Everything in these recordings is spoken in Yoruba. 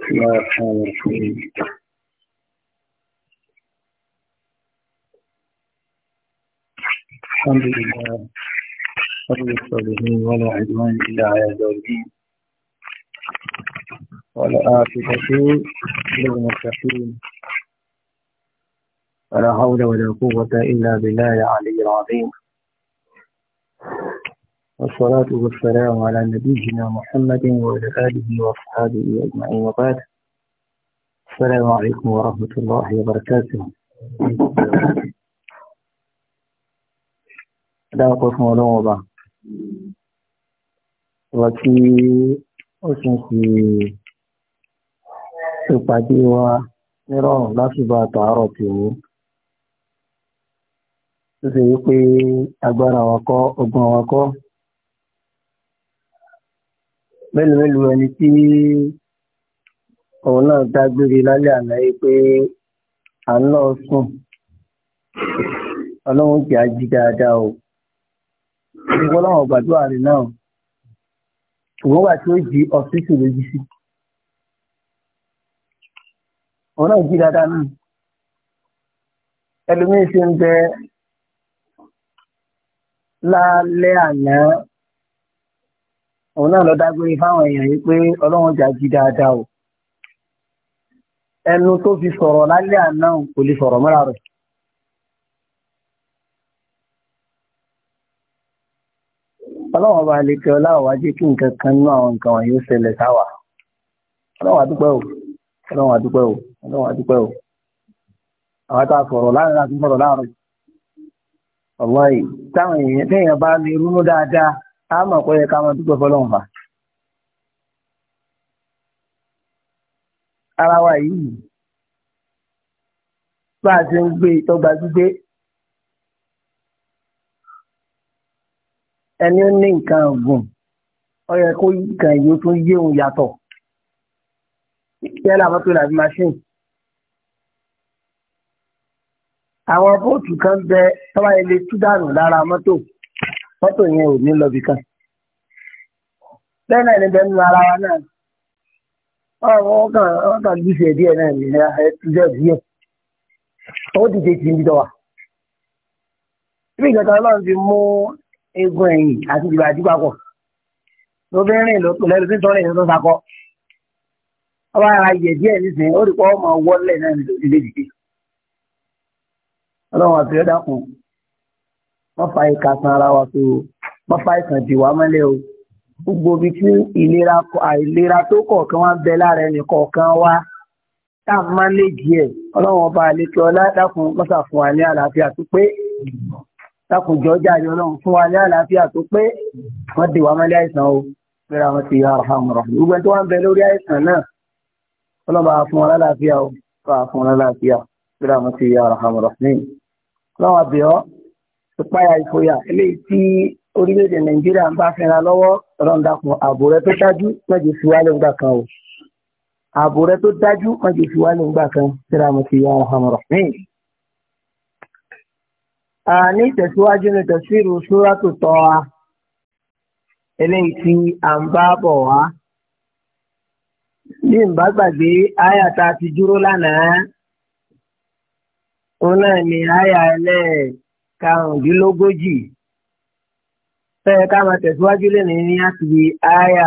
بسم الله الرحمن الرحيم الحمد لله رب الصالحين ولا عدوان إلا على الظالمين والعاقبة للمتقين ولا حول ولا قوة إلا بالله العلي العظيم والصلاة والسلام على نبينا محمد وعلى آله وأصحابه أجمعين وبعد السلام عليكم ورحمة الله وبركاته لا أقف ولا وضع وكي أسنسي سبادي ونرى لا سبات عرضه Ó أبرا wípé أبرا wakọ́, mélòó mélòó ẹni tí òun náà dágbére lálẹ́ àná yìí pé à ń lọ sùn ọlọ́run kì á jí dáadáa o ìwọ́láwọn gbàdúrà rẹ̀ náà òun wà tí ó jí ọ̀fíìsì lójú sí òun náà jí dáadáa náà ẹlòmíín ṣe ń bẹ lálẹ́ àná òun náà lọ dágbére fáwọn èèyàn yìí pé ọlọ́run jà jí dáadáa o ẹnu tó fi sọ̀rọ̀ lálẹ́ àná kò lè sọ̀rọ̀ mọ́ra rẹ̀. ọlọ́run bá lè tẹ ọlá ọ̀wá jẹ́ kí nǹkan kan nú àwọn nǹkan wọ̀nyí ó ṣẹlẹ̀ sáwà ọlọ́run àdúpẹ́ o ọlọ́run àdúpẹ́ o ọlọ́run àdúpẹ́ o àwọn tá a sọ̀rọ̀ láàrin láti sọ̀rọ̀ láàrin ọ̀wọ́ yìí táwọn èèyàn bá lè rúnú dáadáa a mọ̀ pé ẹ̀ka máa dúpẹ́ fọlọ́run fà. ara wa yìí bá a ti ń gbé ìtọ́gba gbígbé ẹni ó ní nǹkan ọ̀gùn ó yẹ kó nǹkan yìí ó tún yé òun yàtọ̀ yálà mọ́tò làbí machine. àwọn bóòtù kan bẹ tọ́wáyé lè tú dànù lára mọ́tò mọ́tò yẹn ò ní lọ bìkan bẹ́ẹ̀ náà ni bẹ́ẹ̀ nínú ara wa náà wọ́n kàn wọ́n gbèsè díẹ̀ náà ní ẹ̀ẹ́dẹ́ díẹ̀ ó dìde tì níbi tọ́wà. bí ìjọba ọlọ́run ti mú eegun ẹ̀yìn àti ìdìbò àdìpapọ̀ lóbìnrin lẹ́nu tí tọ́lẹ̀ ní tó sakọ́ ọba ara yẹ díẹ̀ nísìnyí ó rí pọ́ ọmọ wọlé náà ní ìdílé dìde. ọlọ́run àti ọ̀dà kù wọ́n fa ìka san ara wa tó wọ́n fa ìkàntì wa mọ́lẹ̀ o gbogbo ibi tí ìlera àìlera tó kọ̀ọ̀kan wá ń bẹ lára ẹnì kọ̀ọ̀kan wá tá a máa ń lè díẹ̀ ọlọ́run ọba àlejò ọlá dákun mọ́sà fún wa ní àlàáfíà tó pé dákun jọjá ni ọlọ́run fún wa ní àlàáfíà tó pé wọ́n dè wá mọ́lẹ́ àìsàn o gbéra wọn ti yára fún àwọn ọ̀rọ̀ gbogbo ẹni tó wá ń bẹ lórí àìsàn náà ọlọ́run bá fún wọn lálàáfíà o bá fún wọn lálàáfíà gbéra wọn ti yára fún àwọn ọ̀rọ̀ ọlọ́run àbẹ̀ọ́ ìpáyà ìfòyà eléyìí orílẹ̀-èdè nàìjíríà ń bá fẹ́ra lọ́wọ́ ọlọ́ndàpọ̀ ààbò tó dájú mẹ́jọ fi wálé ńgbà kan o ààbò rẹ tó dájú mẹ́jọ fi wálé ńgbà kan síra mo ti yan ọ̀hún rọ̀ ní ìtẹ̀síwájú ní tẹ̀síìrù sóràtò tọ́ a eléyìí tí à ń bá bọ̀ wá. bí n bá gbàgbé àyà tá a ti dúró lánàá òun náà ni àyà fẹ́ẹ́ ká máa tẹ̀síwájú lónìí ní àtìwé àyà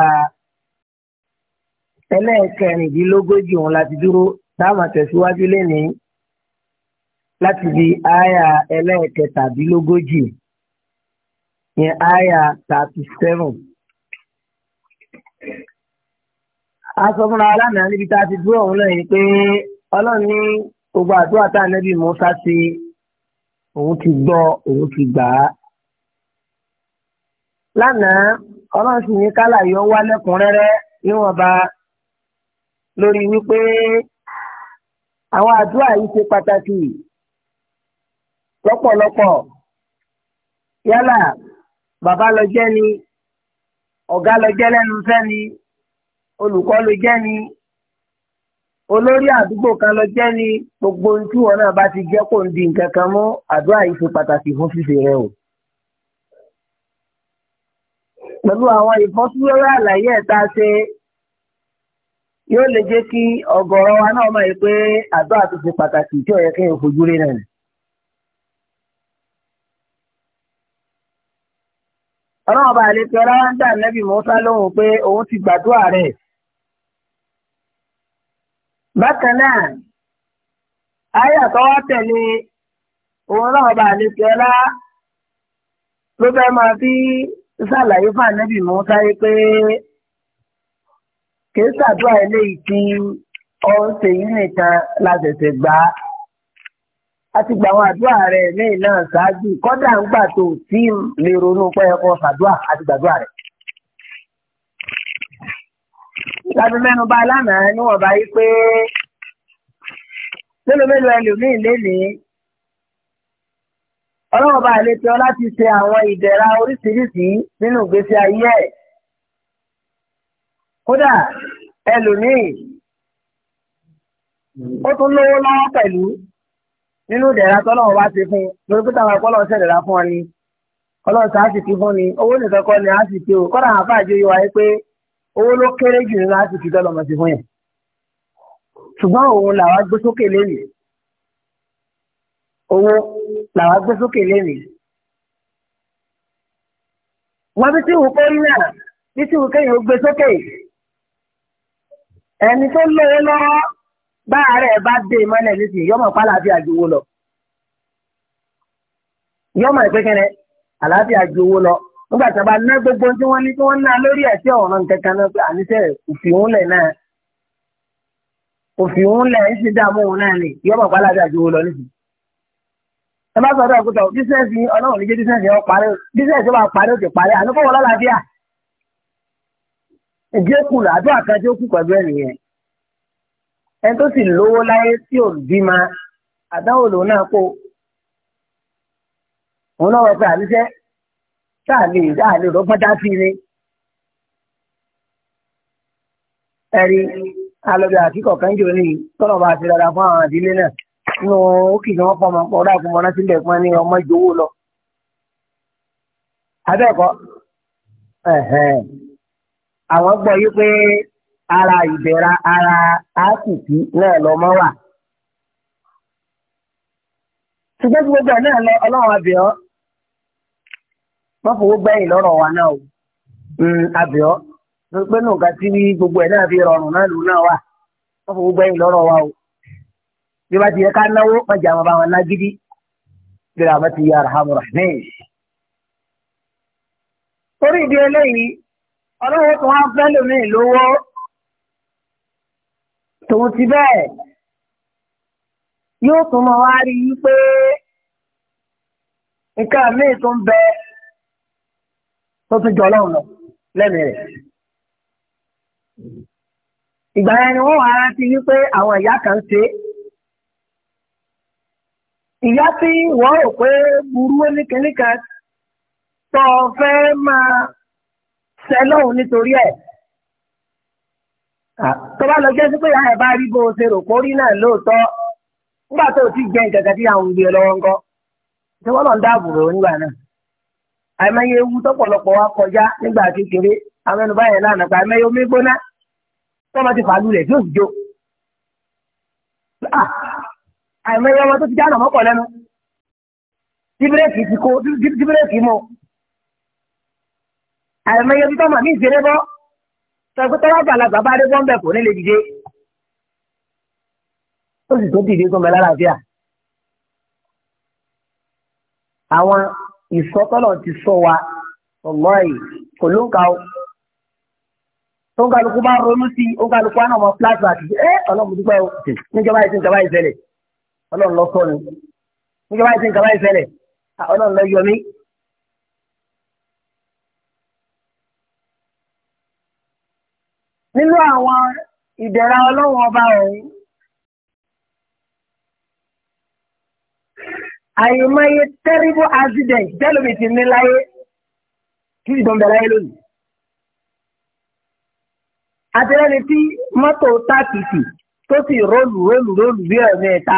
ẹlẹ́ẹ̀kẹrìndínlógójì òun láti dúró tá a máa tẹ̀síwájú lónìí láti di àyà ẹlẹ́ẹ̀kẹtàdínlógójì yẹn àyà thirty seven. a sọ fúnra wa lánàá níbi tá a ti dúró òun lẹ́yìn pé ọlọ́run ní gbogbo àdúrà tá a nẹ́bí Mùsá ṣe òun ti gbọ́ òun ti gbà á. lánàá ọlọ́run sì ní kálà yọ wá lẹ́kùnrẹ́rẹ́ níwọ̀nba lórí wípé àwọn àdúrà yìí ṣe pàtàkì lọ́pọ̀lọpọ̀ yálà bàbá lọ jẹ́ ni ọ̀gá lọ jẹ́ lẹ́nu ni olùkọ́ lọ jẹ́ ni olórí àdúgbò kan lọ jẹ́ ni gbogbo ohun tí wọn náà bá ti jẹ́ ń di nǹkan kan pàtàkì fún ṣíṣe rẹ o. pẹ̀lú àwọn ìfọ́síwẹ́wẹ́ àlàyé ẹ̀ta ṣe yóò lè jẹ́ kí ọ̀gọ̀rọ̀ wa náà mọ̀ pé àdó àti ṣe pàtàkì tí ó yẹ kí n fojú rí náà. ọlọ́run bá lè pe ọlọ́wọ́ ń dà nẹ́bí Mùsá lóhùn pé òun ti gbàdúrà rẹ̀. bákan náà àyà tó wá tẹ̀lé òun náà bá lè pe ló fẹ́ máa fi ṣàlàyé fún ànábì Mùsá yìí pé kìí ṣàdúrà eléyìí tí ọ̀sẹ̀ yìí nìkan láṣẹ̀ṣẹ̀ gbà á. a ti gba àwọn àdúrà rẹ̀ lẹ́yìn náà ṣáájú kọ́dà ń gbà tó tí lè ronú pẹ́ẹ́kọ́ ṣàdúrà àti gbàdúrà rẹ̀. láti mẹ́nu bà lánàá níwọ̀nba yìí pé mélòó mélòó ẹlòmíì lénìí ọlọ́run bá àlejò láti ṣe àwọn ìdẹ̀ra oríṣiríṣi nínú ìgbésí ayé ẹ̀. kódà ẹlòmíì ó tún lówó lọ́wọ́ pẹ̀lú nínú ìdẹ̀ra tọ́lọ́run bá ṣe fún un lórí ọ ni ni owó nìkan ni o àwọn wáyé pé owó ló kéré jù nínú ti fún yẹn ṣùgbọ́n òun làwọn owó làwọn gbé sókè lẹ́nu. wọ́n bí tí ìwúkọ́ rí náà bí tí ìwúkọ́ yìí ó gbé sókè. ẹni tó lówó lọ́wọ́ bá àárẹ̀ bá dé mọ́lẹ̀ nísìnyí yọmọ pa àlàáfíà ju owó lọ. yọmọ ìpínkẹrẹ àlàáfíà ju owó lọ nígbà tí a bá ná gbogbo tí wọ́n ní tí wọ́n ná lórí ẹ̀ tí ọ̀ràn kankan náà pé àníṣe òfìhúnlẹ̀ náà òfìhúnlẹ̀ ń ṣe dààmú òun náà ni yọmọ pa àlàáfíà ju owó lọ nísìnyí ẹ má sọ̀rọ̀ ẹ̀kútọ̀ bísíǹsì ọlọ́run ní jẹ́ bísíǹsì ọ parí bísíǹsì máa parí òkè parí àníkọ́ wọn lálàáfíà ìdí òkú làdó àkájọ òkú pẹ̀lú ẹnìyẹn ẹni tó sì lówó láyé tí ò bímọ àdáwò lòun náà kó òun náà wọ́n pé àníṣẹ́ sáàlì sáàlì rọ́gbọ́n dá sí ni ẹ̀rí alọ́bẹ̀ àkíkọ̀ kan jò ní tọ́nà bá ti rárá fún àwọn àdílé náà. inú òkè ni wọ́n fọmọ pọ̀ ọ̀dà àkùnmọ́ náà sílẹ̀ pọ́n ní ọmọ ìjòwò lọ. abẹ́ẹ̀kọ́ àwọn gbọ́ yí pé ara ìbẹ̀ra ara àkùkù náà lọ́mọ gbogbo náà lọ ọlọ́run wa náà o hmm, pé tí gbogbo náà fi rọrùn náà lù náà wà wa o. bí wọ́n ti yẹ ká náwó wọ́n jẹ́ àwọn bá wọn lágídí bí wọ́n ti yẹ arahamu rahman. torí ìdí eléyìí ọlọ́wọ́ tó wọ́n fẹ́ lómi lówó tòun ti bẹ́ẹ̀ yóò tún mọ wá rí i pé nǹkan míì tó ń bẹ tó tún jọ lọ́wọ́ lẹ́nu rẹ̀. ìgbà yẹn ni wọ́n wá rántí wípé àwọn ìyá kan ṣe ìyá tí wọ́n rò pé burú oníkìníkà tó fẹ́ máa ṣẹ lọ́hùn nítorí ẹ̀ tó bá lọ jẹ́ sí pé ìyá ẹ̀ bá rí bó ṣe rò kórí náà lóòótọ́ nígbà tó ti jẹ ìjàgà àwọn e lọ́wọ́ ewu tọ́pọ̀lọpọ̀ wa kọjá nígbà kékeré àwọn ẹnu báyẹn lánàá pé àìmọye omi gbóná ti fàálù rẹ̀ tí àìmọye ọmọ tó ti dáná mọ́pọ̀ lẹ́nu díbírèkì ti kó díbírèkì mọ́ àìmọye bí tọ́mọ̀ mi ìṣeré bọ́ sọ̀kú tọ́wọ́ àgbàlagbà bá dé bọ́ńbẹ̀ kò ní lè dìde ó sì tó dìde sọmọ lálàáfíà àwọn ìsọtọ́lọ̀ ti sọ wa ọlọ́ọ̀yì kò ló ń ka o tó ń kálukú bá ronú sí i ó ń kálukú á náà mọ pílásì àti ẹ ọlọ́mọdúpẹ́ o níjọba ìsìn ìjọba ọlọ́run lọ sọ ni nígbà báyìí sí nǹkan báyìí ṣẹlẹ̀ ọlọ́run lọ yọ mí. nínú àwọn ìdẹ̀ra ọlọ́run ọba ọ̀hún àyèmáyé terrible accident tẹ́lómi ti ní láyé kí ìdánbẹ̀ láyé lónìí. àtẹ̀lẹ́ni tí mọ́tò táàkìtì tó sì rólù rólù rólù bí ẹ̀mí ẹ̀ta.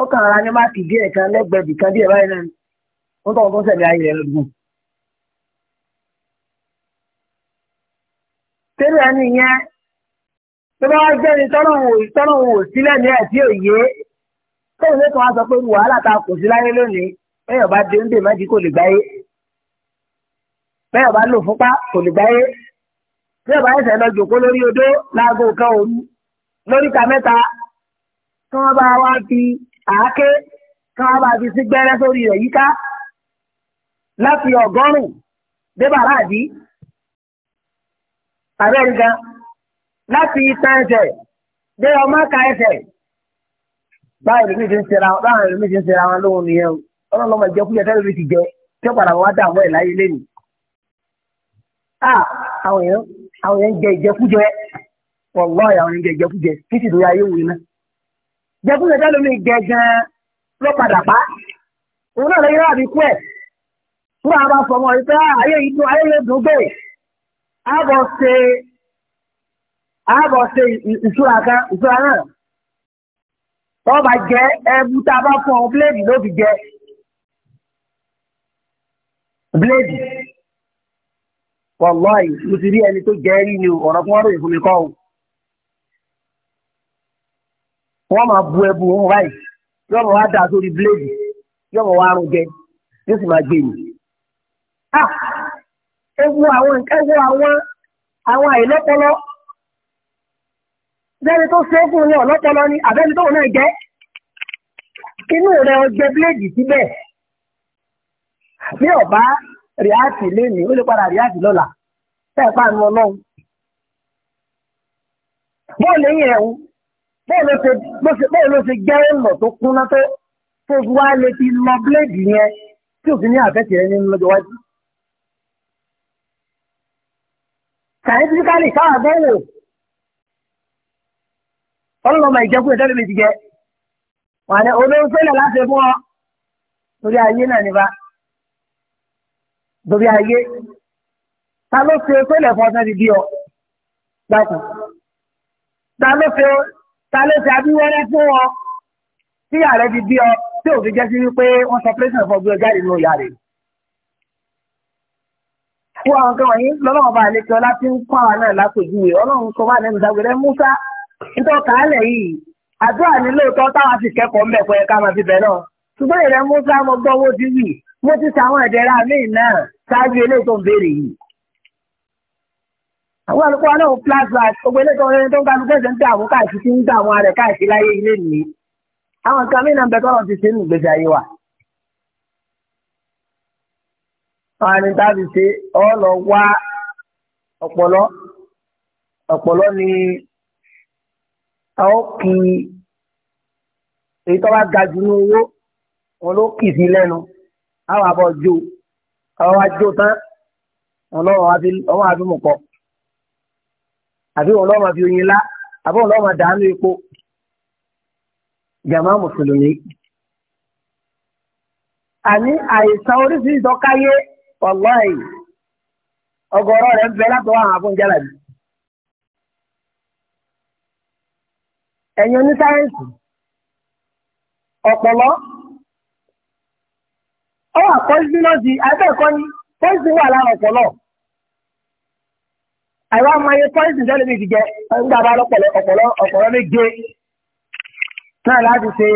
ó kàn ara ní máàkì díẹ̀ kan lẹ́gbẹ̀ẹ́ bìkan díẹ̀ báyìí náà ó tọ̀ tó sẹ̀mí ayé rẹ̀ gùn. tẹ́lẹ̀ ẹni yẹn tó bá wá jẹ́ni tọ́nà wò sílẹ̀ ní ẹ̀tí òye tóun lè kàn wá sọ pé wàhálà ta kò sí láyé lónìí bẹ́ẹ̀ bá dé ń dè mẹ́jì kò lè gbáyé bẹ́ẹ̀ bá lò fúnpá kò lè gbáyé bẹ́ẹ̀ bá ẹsẹ̀ lọ jòkó lórí odó láago kan òru lóríta mẹ́ta tí wọ́n bá wá fi àáké kan wá bá fi sí gbẹ́rẹ́ sórí rẹ̀ yíká láti ọgọ́rùn-ún dé bàrá àdí àbẹ́ nǹkan láti itan ẹsẹ̀ dé ọmọ ká ẹsẹ̀ báyìí lómi ti ń ṣe ra wọn báyìí lómi ti ń ṣe ra wọn lóhun nìyẹn o ọlọ́run lọ́mọ ìjẹ́ kúyẹ tẹ́lẹ̀ lómi ti jẹ tí ó padà wá dààmú ẹ̀ láyé lẹ́nu. àwọn èèyàn ń jẹ ìjẹkújẹ wọ́n lọ́ọ̀yà àwọn èèyàn ń jẹ ìjẹkújẹ títí lórí ayé òwe náà jẹkúnjẹ dá lómi gẹ̀gàn ló padà bá òun náà lẹ́yìn láàbí kú ẹ̀ fún àwọn afọmọ ìfẹ́ ah, ayé yìí dùn ayé yóò dùn gbé àbọ̀ ṣe àbọ̀ ṣe ìṣúra kan ìṣúra náà wọ́n bá jẹ́ ẹbú tá a bá fún ọ bíléèdì ló fi jẹ bíléèdì wọ́n lọ́ọ̀yì mo ti rí ẹni tó jẹ́ rí ni ọ̀rọ̀ fún ọ̀rọ̀ ìfúnmi kọ́ o. wọ́n máa bu ẹbu wọn wáyé yóò máa wá dà sórí bíléèdì yóò máa wá rún jẹ yóò sì máa gbé mi. ewu ah! àwọn ewu àwọn àwọn àìlọ́pọlọ lẹ́ni tó ṣe é fún ní ọ̀lọ́pọlọ ni àbẹ́ni tóun náà jẹ́ inú rẹ̀ ọjẹ́ bíléèdì síbẹ̀ bí ọba rìáàtì lénìí ó lè padà rìáàtì lọ́la tẹ́ẹ̀ pàánù ọlọ́run bọ́ọ̀lù ẹ̀yìn ẹ̀hún bẹ́ẹ̀ ló ṣe jẹ́ ìmọ̀ tó kúnná tó tó wá lè fi lọ bíléèdì yẹn tí òfin ní àfẹ́tì rẹ nínú lọ́jọ́ wájú. sàyẹ́ntìfíkálì káwà bẹ́ẹ̀ wò ọlọ́mọ ìjẹ́kù ẹ̀dá lè ti jẹ wà ní olóhùn fẹ́lẹ̀ láti fún ọ torí ayé náà nípa torí ayé ta ló ṣe fẹ́lẹ̀ fún ọ sáà ti bí ọ dákun ta ló ṣe ta ló ṣe abíwẹ́rẹ́ fún ọ tí ààrẹ ti bí ọ tí òfin jẹ́ sí wípé wọ́n sọ pírẹ́sìdẹ̀ntì fún ọgbẹ́ jáde nínú ìyá rẹ̀. Fún àwọn kan wọ̀nyí lọ́lọ́wọ́ bá àlejò ọlá ti ń kọ́ àwọn náà lápèjúwe ọlọ́run sọ bá nẹ́nu ìdágbére Musa nítorí kàálẹ̀ yìí àdúrà ní lóòótọ́ táwọn ti kẹ́kọ̀ọ́ mbẹ̀ pé ká máa fi bẹ̀ náà. Ṣùgbọ́n ìrẹ́ Musa mo gbọ́ owó ti wì mo ti ṣàwọn ìdẹ́ra míì àwọn àlùkò wa náà wò plasma gbogbo ilé tó ń tó ń kálukú ẹsẹ̀ ń tẹ àwọn káàkiri tí ń gbà àwọn rẹ̀ káàkiri láyé ilé nìyí àwọn nǹkan mí bẹ tọ́lọ̀ ti ṣe nínú ìgbésí ayé wa. àwọn ẹni tá a fi ṣe ọ wá ọpọlọ ọpọlọ ni a ó kì í èyí tó bá ga jù ní owó wọn ló kì í sí lẹ́nu àwọn àbọ̀ jó àwọn wá jó tán wọn wá fi mú kọ́ àbí wọn lọ́ọ́ máa fi oyin lá àbí wọn lọ́ọ́ máa dàánú epo jàmá mùsùlùmí. àní àìsàn oríṣiríṣi ìtọ́káyé wàláì ọgọ́rọ́ rẹ̀ ń bẹ látọwọ́ àwọn afúnjálà yìí. ẹ̀yin onísáyẹ́ǹsì ọ̀pọ̀lọ́ ọ wà pọ́ńsínọ́ọ̀sì abẹ́ẹ̀kọ́ ni pọ́ńsín wà lára ọ̀pọ̀lọ́ àìwá máa yẹ pọ́lísìn tẹ́lẹ̀ mi ti jẹ nígbà bá lọ́pọ̀lọ́ ọ̀pọ̀lọ́ ọ̀pọ̀lọ́ méje náà láti ṣe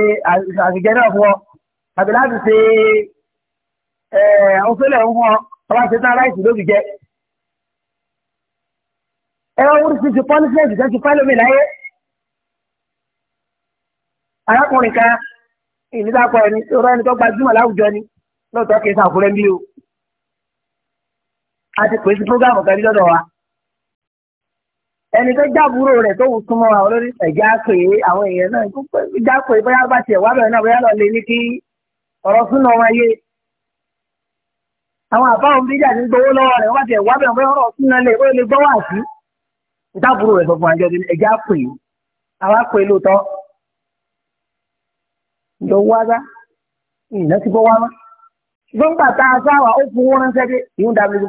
àṣìjẹ náà fún ọ àti láti ṣe ọ̀fẹ́lẹ̀ fún ọ ọba ṣe tán aláìsí ló fi jẹ. ẹ wá wúrí sí ti pọ́lísìn tẹ́ ti pálómi láyé. arákùnrin kan ìnídàpọ̀ ẹni ọ̀rọ̀ ẹni tó gbajúmọ̀ láwùjọ ni lóòótọ́ kì í sàkúrẹ́ bí o. a ti pèsè prógámù kan ní lọ́dọ̀ wa. ẹni tó jábúrò rẹ̀ tó wù súnmọ́ àwọn olórí ẹ̀já pé àwọn èèyàn náà já pé bóyá bá tiẹ̀ wá bẹ̀rẹ̀ náà bóyá lọ lè ní kí ọ̀rọ̀ súnà wọn yé àwọn àbáwọn bíjà ti ń gbowó bóyá lè lè àjọ wá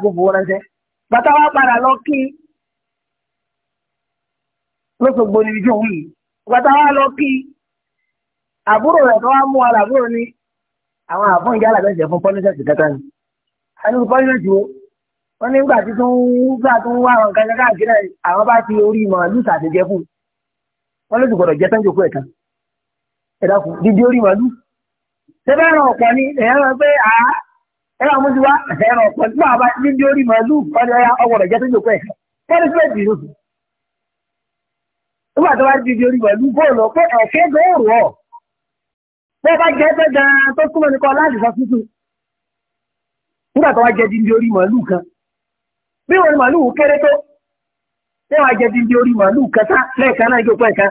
ti wá ṣùgbọ́n ránṣẹ́ lọ́sọ̀gbò níbi tí òun yìí gbàtà wa lọ kí àbúrò rẹ̀ tó wá mú wa làbúrò ní àwọn àfọ̀n ìjà alábẹ́sẹ̀ fún pọ́nísẹ̀sì kẹta ni a ní pọ́nísẹ̀sì wo wọ́n ní nígbà tí tún gbà tún wá àwọn nǹkan káàkiri àwọn bá ti orí màálù sàtẹ̀jẹ́ fún wọn ló sì gbọ́dọ̀ jẹ́ sẹ́ńjò kú ẹ̀ka ẹ̀dá kù dídí orí màálù ṣẹ́fẹ́ ẹ̀rọ ọ̀pọ̀ ni ẹ̀rọ pé à ẹ̀rọ àmúṣiwá ẹ̀rọ ọ̀pọ̀ nígbà bá dídí orí màálù ọ̀gbọ̀dọ̀ jẹ́ sẹ́ńjò kú ẹ̀ka pọ́nísẹ̀sì ló sùn nígbà tó bá di di orí pẹ̀lú bóòlù pé ẹ̀kẹ́ gbòòrò ọ̀ bó bá jẹ́ pé gan tó túmọ̀ ní kọ́ láti sọ nígbà tó jẹ́ orí màálù kan bí wọn màálù kéré tó tí wọn jẹ́ di orí màálù kẹta lẹ́ẹ̀kan náà jókòó ẹ̀ka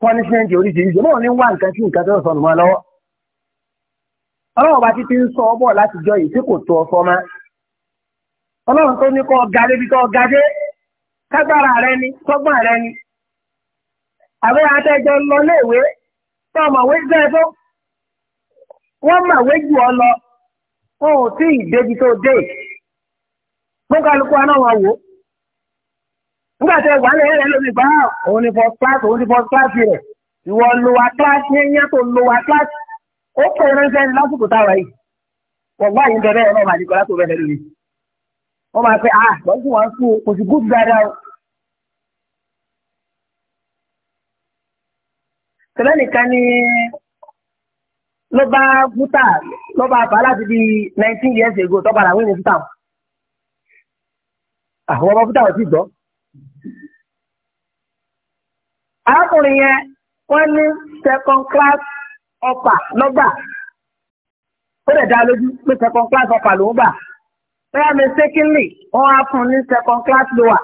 pọ́nísẹ́ǹtì oríṣiríṣi ní nǹkan ọ tágbára rẹ ni tọ́gbọ́n rẹ ni àbẹ́ àtẹ́jọ lọ léèwé tó ọmọwé jẹ́ tó wọ́n mọ̀wé jù ọ lọ wọn ò tí ì débi tó dé mú kálukú aná wọn wò nígbà tí ẹgbàá lè rẹ lómi gbà òun ni first class òun ni first class rẹ ìwọ lo wa class yẹn yẹn tó lo wa class ó pè ránṣẹ́ ní lásìkò táwa yìí wọ́n gbá yín bẹ̀rẹ̀ ẹ̀rọ màdìkọ́ látò bẹ̀rẹ̀ lórí wọ́n máa pẹ́ ah lọ́sùn wọn fún òsì gúúsù dáadáa tẹ́lẹ̀ nìkan ni ló bá bútà ló bá bá láti di nineteen years ago tó padà wíìnì bútà wọn. àwọn ọmọ bútà wọn sì gbọ́. arákùnrin yẹn wọ́n ní second class ọ̀pà lọ́gbà ó lè dá lójú pé second class ọ̀pà ló ń gbà bẹ́ẹ̀ mi secondly wọ́n á fún un ní second class lower.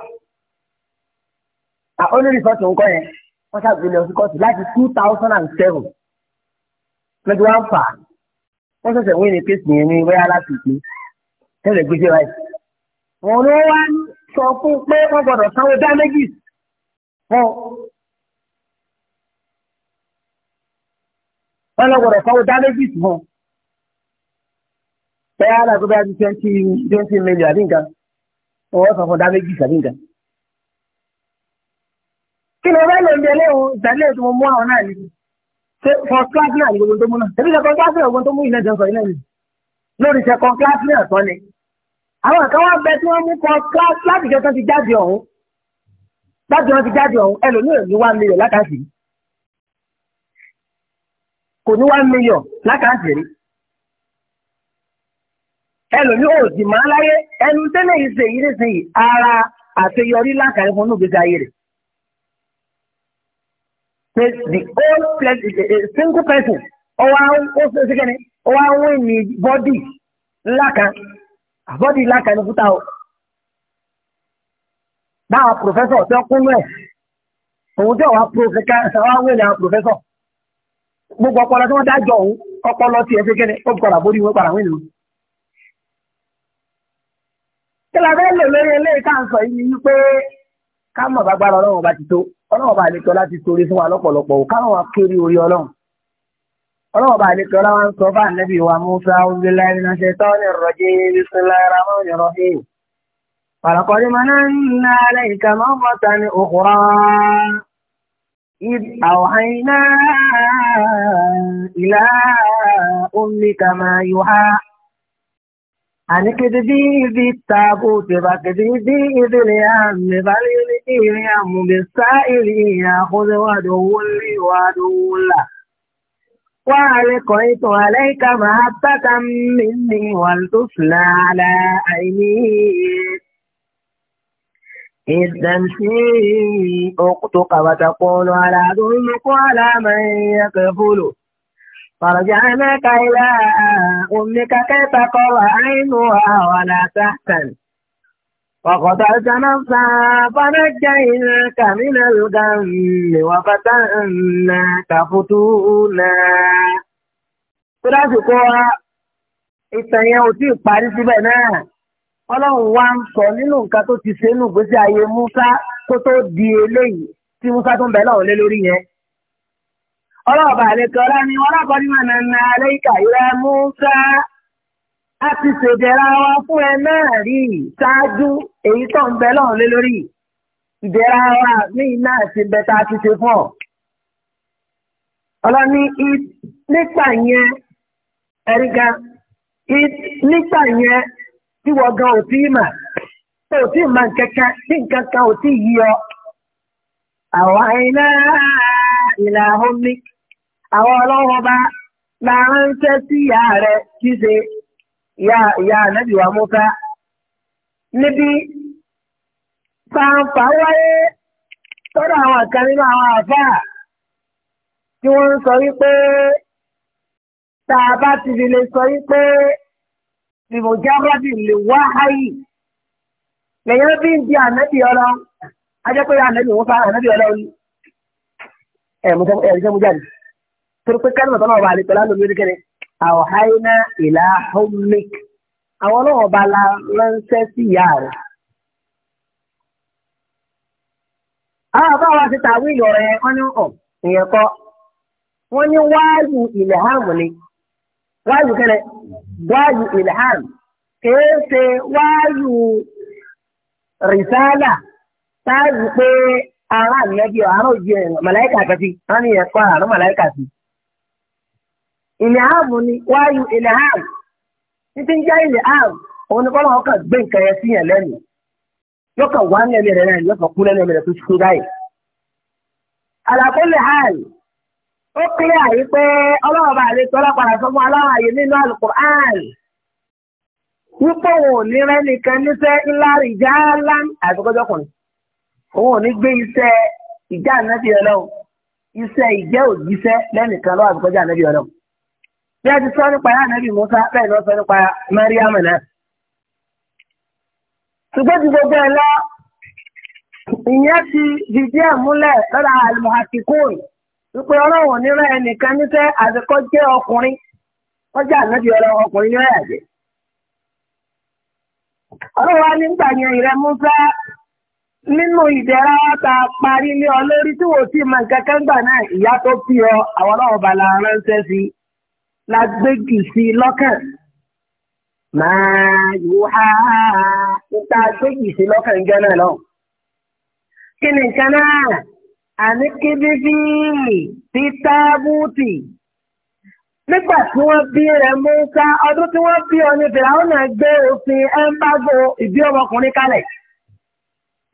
àwọn onírìsọ́ọ̀tì ń kọ́ yẹn wọ́n ṣàgbélé ọtí kọ́ọ̀tù láti two thousand and seven lọ́jọ́ wá ń fà á wọ́n ṣẹ̀ṣẹ̀ wí ní kéèsì yẹn ní wẹ́yà láti ìpín tẹ́lẹ̀ gbé jẹ́ báyìí. wọ́n ló wá sọ fún pé wọ́n gbọ́dọ̀ sanwó dámẹ́jì fún wọ́n lọ gbọ́dọ̀ sanwó dámẹ́jì fún wẹ́yà láti gbé báyìí twenty twenty million àbí nǹkan wọ́n sọ fún dámẹ́jì àbí nǹkan kí ló fẹ́ lò ń bí eléhùn ìgbàlẹ̀ tó mú àwọn náà nìyí ṣe first class náà ní gbogbo tó mú náà ebi second class náà gbogbo tó mú ilẹ̀ jọ̀sọ̀ ilẹ̀ nìyí lórí second class náà tọ́ ni àwọn kan wá bẹ tí wọ́n mú first class láti jẹ́ tán ti jáde ọ̀hún láti wọ́n ti jáde ọ̀hún ẹlòmíràn ní one million látàkì kò ní one million látàkì rí ẹlòmíràn ò sì máa láyé ẹnu tẹ́lẹ̀ yìí ṣe yìí nísìnyí ara àṣeyọrí lákàrẹ́ fún inú ìgbésí ayé the whole place a single person ọwọ́ ó ṣe ṣe kẹ́ni ọwọ́ àwọn ènìyàn bọ́dì ńlá kan ah, bọ́dì ńlá kan ní fúta o báwa pòfẹ́sọ̀ tí wọ́n kún mọ́ ẹ̀ òun tí ọ̀wá pòfẹ́ ká ṣàwọn àwọn ènìyàn pòfẹ́sọ̀ gbogbo ọpọlọ tí wọ́n dájọ́ òun ọpọlọ tí ẹ ṣe kẹ́ni ó padà borí wọn padà wọn ènìyàn. kí la fẹ́ lò lórí eléyìí ká ń sọ yìí ni wípé ká mọ̀ bá gbára ọlọ́run ọba ti tó ọlọ́run bá àlejò láti torí fún wa lọ́pọ̀lọpọ̀ ò káwọn wa kiri orí ọlọ́run ọlọ́run bá àlejò láwọn ń sọ fún ànábì wa Musa ọ̀gbìnláì náà ṣe tọ́ ní ìrọ̀jì bisimilára mọ́ ìrọ̀ hì. pàlọ́kọ́dé máa ń ná alẹ́ ìka máa ń mọ́ta ní òkúrọ́ إذ أوحينا إلى عن كذبي بالتابوت وكذبي باليام فليلقيهم بالسائل ياخذ وعدو لي وعدو له وألقيت عليك محبة مني ولتصلى على عينيك إذ تمشي أختك وتقول على ظلمك على من يكفله فرجعناك إلى أمك كي تقر عينها ولا تحسن وقتلت نفسا فنجيناك من الغم وفتناك فتونا Tọ́lásìkò wa, ìtàn yẹn ò tí ì parí síbẹ̀ náà. Ọlọ́run wa ń sọ nínú nǹkan tó ti ṣe nù gbèsè ayé Musa tó tó di eléyìí tí Musa tó ń bẹ lọ́wọ́ lé lórí yẹn. ọlọ́ọ̀bà àlekọ́lá ni wọ́n lákọ́ni máa na na alẹ́ ìkà a ti ṣèjẹra wa fún ẹ náà rí ṣáájú èyí tó ń bẹ lọ́run lé lórí ìjẹra wa ti ti ṣe fún ọ. ọlọ́ni nígbà yẹn ẹ̀rí gan yẹn tí wọ́n gan ò tí ì mà tí ì àwọn ọlọ́wọ́ bá la ránṣẹ́ sí ìyá rẹ̀ ya ìyá ànábì wa níbi pàǹpà wáyé tọ́dọ̀ àwọn kan nínú àwọn tí wọ́n ń sọ wípé tá a lè sọ wípé ìmọ̀jábọ́dì lè wá háyì lèyàn bí ń di ànábì ọlọ ànábì ọlọ ẹ̀ torí pé kálí màtọ́lá ọba àlè pẹ̀lú àlùmí nìkẹ́ni àwòháyínà ìlà homik àwọn ọlọ́wọ́ ọba la ránṣẹ́ sí ìyá rẹ̀. àwọn àbá wa ti tàwí ìlọrẹ wọn ní ọ ìyẹn kọ wọn ní wáyù ìlẹ̀hàmù ni wáyù kẹrẹ wáyù ìlẹ̀hàmù kìí ṣe wáyù rìsálà táyì pé ara ànábì ọ̀hánà òjì ẹ̀ màláìkà kẹfì wọn ní ìyẹn kọ àrùn màláìkà sí ìlẹ̀hàmù ni wáyù ìlẹ̀hàmù títí ń jẹ́ ìlẹ̀hàmù òun ni kọ́lọ́ ọkàn gbé nǹkan yẹn síyàn lẹ́nu yọkàn wá ní ẹ̀mí rẹ̀ náà yọkàn kú lẹ́nu ẹ̀mí rẹ̀ tó ṣe báyìí. àlàkùnlé hàn ó kílẹ̀ àyí pé ọlọ́run bá àlejò ọlọ́pàá sọ fún aláwọ̀ àyè nínú wípé òun ò ní rẹ́ nìkan níṣẹ́ ńlá ìjà ńlá òun ò ní gbé iṣẹ́ ìjà ànábì ọlọ́run iṣẹ́ ìjẹ́ òjíṣẹ́ lẹ́nìkan lọ́wọ́ ànábì ọlọ́run. bí a ti sọ nípa ya nàbì Musa bẹ́ẹ̀ lọ sọ nípa Mariam náà. ṣùgbọ́n ti gbogbo ẹ̀ lọ ìyẹn ti lọ́dà wípé ọlọ́run ẹnìkan níṣẹ́ jẹ́ ọkùnrin kọjá ànábì ọkùnrin ọlọ́run wa nígbà yẹn ìrẹ Musa nínú wa ta parí ọ lórí gbà la gbé jù sí lọ́kàn máa yóò há níta gbé jù sí lọ́kàn ń jẹ́ náà lọ. kí ni nǹkan náà àní kébí bí ti tábùtì nígbà tí wọ́n bí rẹ̀ Mùsá ọdún tí wọ́n bí ọ ní fìlàwọ́n náà gbé òfin ẹ́ńbágò ìbí ọmọkùnrin kalẹ̀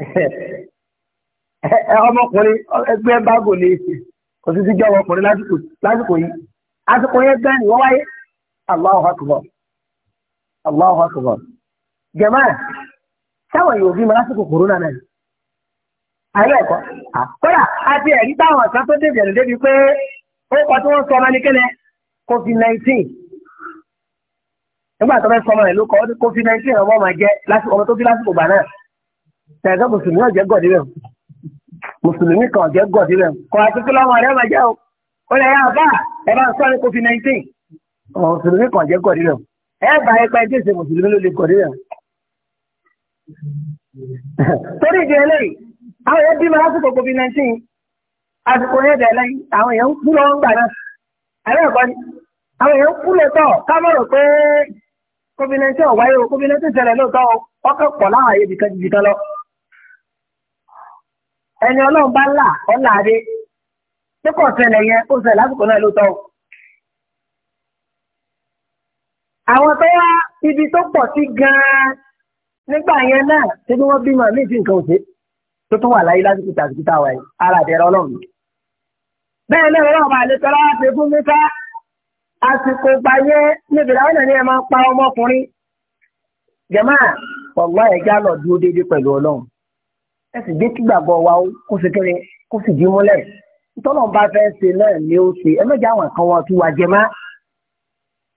ọmọkùnrin ẹgbẹ́ ẹ́ńbágò lè ṣe jẹ́ ọmọkùnrin lásìkò yìí àsìkò yẹn gan ni wọ́n wáyé Allahu akbar Allahu akbar jẹ̀mọ́ sáwọn yóò bí mọ́ lásìkò kòrónà náà ayé ẹ̀kọ́ kódà àti ẹ̀rí táwọn kan tó dèbè ẹ̀rọ débi pé ó kọ tí wọ́n sọ ọmọ nìkẹ́lẹ̀ covid nineteen nígbà tó fẹ́ sọ ọmọ rẹ̀ ló kọ́ covid nineteen ọmọ ọmọ jẹ ọmọ tó fi lásìkò gbà náà tẹ̀sán mùsùlùmí ọ̀jẹ̀ gọ̀dí rẹ̀ mùsùlùmí kan ọ̀jẹ̀ gọ̀dí rẹ̀ kọ́ àti kí rẹ̀ máa jẹ́ o ó lè yá àbá ẹ bá sọ ní covid nineteen ọmọ mùsùlùmí kan jẹ́ kọ̀dí rẹ̀ ẹ bá ẹgbẹ́ ẹgbẹ́ ìṣe mùsùlùmí ló lè kọ̀dí rẹ̀. torí ìdí eléyìí àwọn èèyàn bímọ lásìkò covid nineteen àsìkò yẹn dẹ̀ lẹ́yìn àwọn èèyàn kú lọ ń gbà náà àbẹ́ ẹ̀kọ́ ni àwọn èèyàn kú lọ tọ̀ ká pé covid nineteen ọ̀wáyé o covid nineteen ṣẹlẹ̀ lóòótọ́ ọkọ̀ pọ̀ láwọn àyè ibìkan ibìkan lọ ẹni ọlọ́run bá ń là ọ́ ṣé kò ṣẹlẹ̀ yẹn ó ṣẹlẹ̀ lásìkò náà ló tọ́ àwọn tó wá ibi tó pọ̀ sí gan-an nígbà yẹn náà ṣé bí wọ́n bímọ ní ìfi nǹkan òṣè tó tún wà láyé lásìkò tàbí táwa yìí ara àdẹ̀rẹ̀ ọlọ́run bẹ́ẹ̀ náà ọlọ́run bá lè tọ́lá ṣe fún mi ká àsìkò gbàyẹ níbi làwọn náà ní ẹ máa pa ọmọkùnrin jẹ̀má ọ̀gbá ẹ̀já lọ dúró déédéé pẹ̀lú ọlọ́run ẹ sì gbé kígbàgbọ́ wa ó kó sì kéré kó sì dí múlẹ̀ tọ́lọ́n bá fẹ́ ṣe náà ni ó ṣe ẹlẹ́jà àwọn nǹkan wọn tún wá jẹ mọ́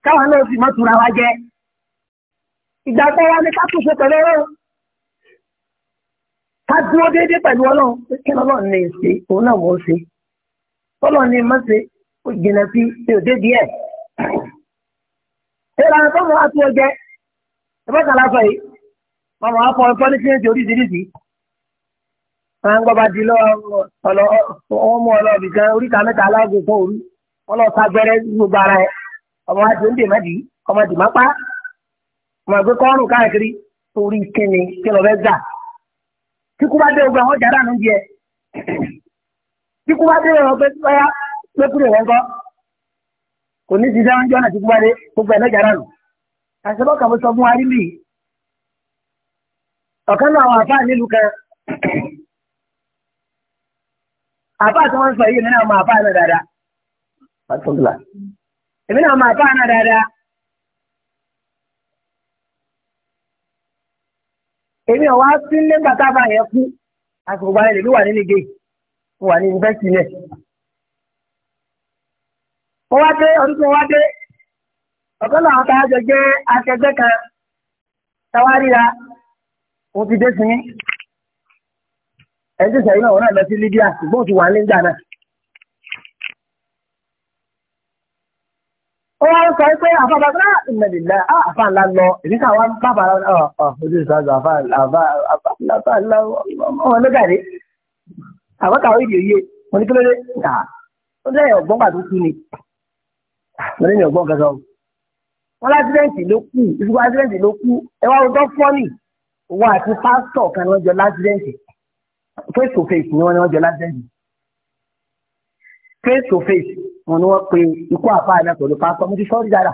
káwọn náà sì mọ́ wá jẹ ìgbà tó wá ní ká pẹ̀lú ẹ̀rọ ká dúró déédéé pẹ̀lú ọlọ́run kí ọlọ́run ní ṣe òun náà wọ́n ṣe tọ́lọ́run ní mọ́ ṣe ó jìnà sí ṣe òde díẹ̀ ìlànà tó mọ́ wá tún ọ jẹ ìbọ̀kàlá sọ yìí màmá wá fọ ọ̀fọ́ ní sáńgbọ́ bá di lọ́wọ́ ọmọ ọlọ́ọ̀bì kan oríta mẹ́ta aláàgò fún òru ọlọ́ọ̀ta gbogbo ara ẹ̀ ọmọ àti oúnjẹ mẹ́dì ọmọ dị mápá ọmọ dị kọ́rùn káàkiri torí kíni kí lọ́ọ́ fẹ́ gbà kíkú bá dé ogun àwọn ọjà dànù kíkú bá dé ọ̀rọ̀ pé pé kúrò rẹ̀ kò ní ti sẹ́wọ́n kíkú bá dé gbogbo ẹ̀ àbá tí wọ́n sọ yìí èmi náà àbá náà dáadáa pàtàkùlà èmi náà mọ àbá dáadáa èmi sí nígbà yẹn kú àsìkò wà nínú mo wà ní yunifásitì náà mo wá dé ọdún tí mo wá dé ọ̀kan náà a jẹ́ akẹgbẹ́ kan táwa ríra mo ẹni tó sẹ́yìn náà wọn náà lọ sí Libya ṣùgbọ́n ti wà ní ìgbà náà. ó wá ń sọ pé àfàbà tó náà ìmọ̀lélá ah, àfà ńlá lọ èmi kà wá bàbà rẹ ọ ọ ojú ìsọ̀rọ̀ àfà àfà àfà ńlá ọmọ lọ́gàdé àwọn kàwé ìdí òye mo ní kí ló dé nà ó lẹ́yìn ọ̀gbọ́n pàtó kú ni mo ní ọ̀gbọ́n kankan wọn lásìrẹ́ǹtì ló kù ìfúkọ́ lásìrẹ́ǹtì ló kù ẹ wá wọn tó fọ́ nì òun àti pásítọ̀ kan lọ́jọ́ lásìrẹ́ǹtì face to face ni wọ́n ní wọ́n jẹ lájẹ́jì face to face wọn ni wọ́n pe ikú àpá àná pẹ̀lú pápá mo ti sọ rí dára.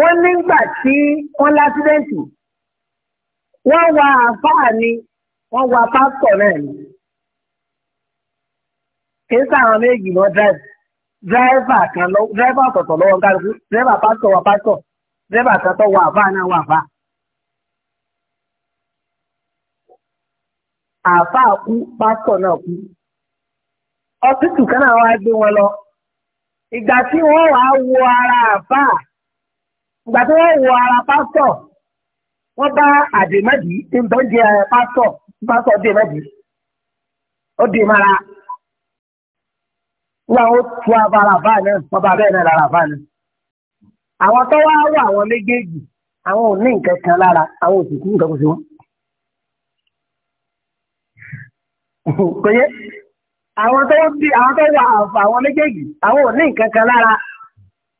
wọ́n nígbà tí wọ́n lásídẹ́ǹtì wọ́n wa àfáà ni wọ́n wa pásítọ̀ náà ni kìí sáwọn méjì lọ dráìfù dráìfà kan lọ dráìfà ọ̀tọ̀ọ̀tọ̀ lọ́wọ́ kálukú dráìfà pásítọ̀ wa pásítọ̀ dráìfà kan tó wa àfáà náà wa àfáà. àáfàá kú pásítọ̀ náà kú ọsítù kan náà wá gbé wọn lọ ìgbà tí wọ́n wàá wo ara àáfàá ìgbà tí wọ́n wo ara pásítọ̀ wọ́n bá àdèmọ́dì tí ń bọ́ ń jẹ pásítọ̀ pásítọ̀ dèmọ́dì ó dè mara wọ́n ó tu abala àbá náà wọ́n bá bẹ́ẹ̀ náà lára àbá náà àwọn tó wá wọ àwọn méjèèjì àwọn ò ní nǹkan kan lára àwọn òsìkú nǹkan kò sí wọn. kò yẹ àwọn tó ń bí àwọn tó wà àǹfà àwọn méjèèjì àwọn ò ní nǹkan kan lára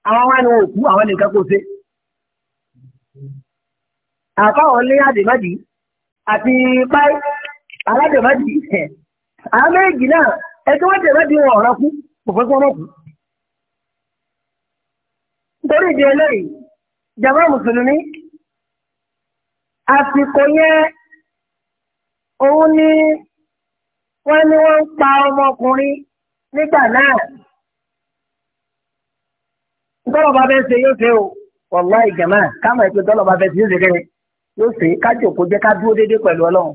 àwọn wá ní òkú àwọn nìkan kò ṣe. àfáwọn ní àdèmọ́dì àti páì aládèmọ́dì àwọn méjèèjì náà ẹtí wọ́n dèmọ́dì wọn ọ̀rọ̀ kú kò fẹ́ kí wọ́n kú. nítorí ìdí eléyìí jàmbá mùsùlùmí àsìkò yẹn òun ni. wọ́n ní wọ́n ń pa ọmọkùnrin nígbà náà. o, wọ̀lá ìjàmá kámọ̀ ìpè dọ́lọ̀ bá ṣe yóò ṣe kẹ́rẹ́ yóò ṣe kájọ jẹ́ ká dúró déédéé pẹ̀lú ọlọ́run.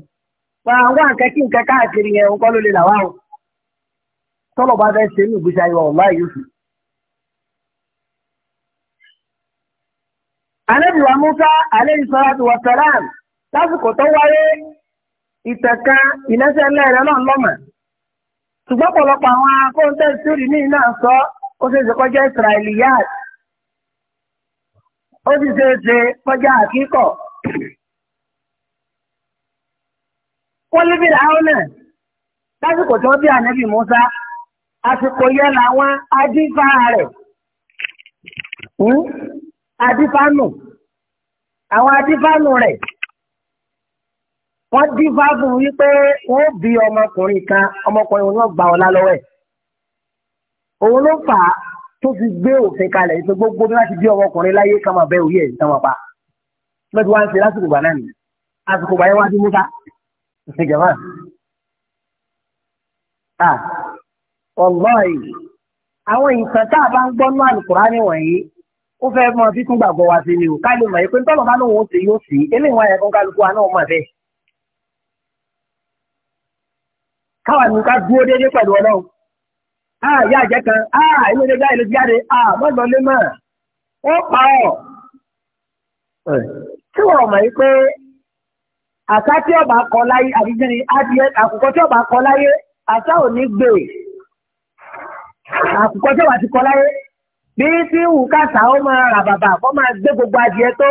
Wọ́n nǹkan káàkiri yẹn ń kọ́ ló lè o. ṣe ní àlejò sọ́ra ti ìtẹ̀ka ìlẹ́sẹ̀ lẹ́rẹ̀ náà lọ́mọ̀ ṣùgbọ́n pọ̀lọpọ̀ àwọn akóńtẹ́ sórí ní iná sọ ó ṣe é ṣe kọjá ìsirahìlì yáàd ó sì ṣe é ṣe kọjá àkíkọ̀ Musa àsìkò yẹn làwọn adífá hmm? wọ́n dín fáàbù wípé wọ́n bí ọmọkùnrin kan ọmọkùnrin wọn gbà ọ̀la lọ́wọ́ ẹ̀ òun ló fà á tó fi gbé òfin kalẹ̀ ìpè gbogbo bí wọ́n bí ọmọkùnrin láyé kama bẹ́ẹ̀ òye ẹ̀ tán wọn pa mẹ́tí wọ́n á ń ṣe lásìkò gbà náà nì àsìkò gbà yẹn wọ́n á ti múta ìjọba à ọlọ́ọ̀ì àwọn ìtàn tá a bá ń gbọ́ náà Al-Kùránì wọ̀nyí ó fẹ́ mọ títún gbàgbọ́ wa sí ni ò ká lè mọ̀ pé tọ́lọ̀ bá lóun ó ṣe yóò sí eléyìí wọn àyẹ̀kọ́ kálukú wa náà bẹ́ẹ̀. káwa ní ká dúró déédéé pẹ̀lú ọlọ́run a yá àjẹ́ kan a ilé ilé jáde jáde a mọ́gbọ́n lé mọ́ ó pa ọ́ tí wọ́n mọ̀ yí pé àṣà tí ọba kọ láyé àdíjìrì adìẹ àkùkọ tí ọba kọ láyé àṣà ò ní gbè àkùkọ tí ọba ti kọ láyé bí tí wù kàṣà ó máa rà bàbà kó máa gbé gbogbo adìẹ tó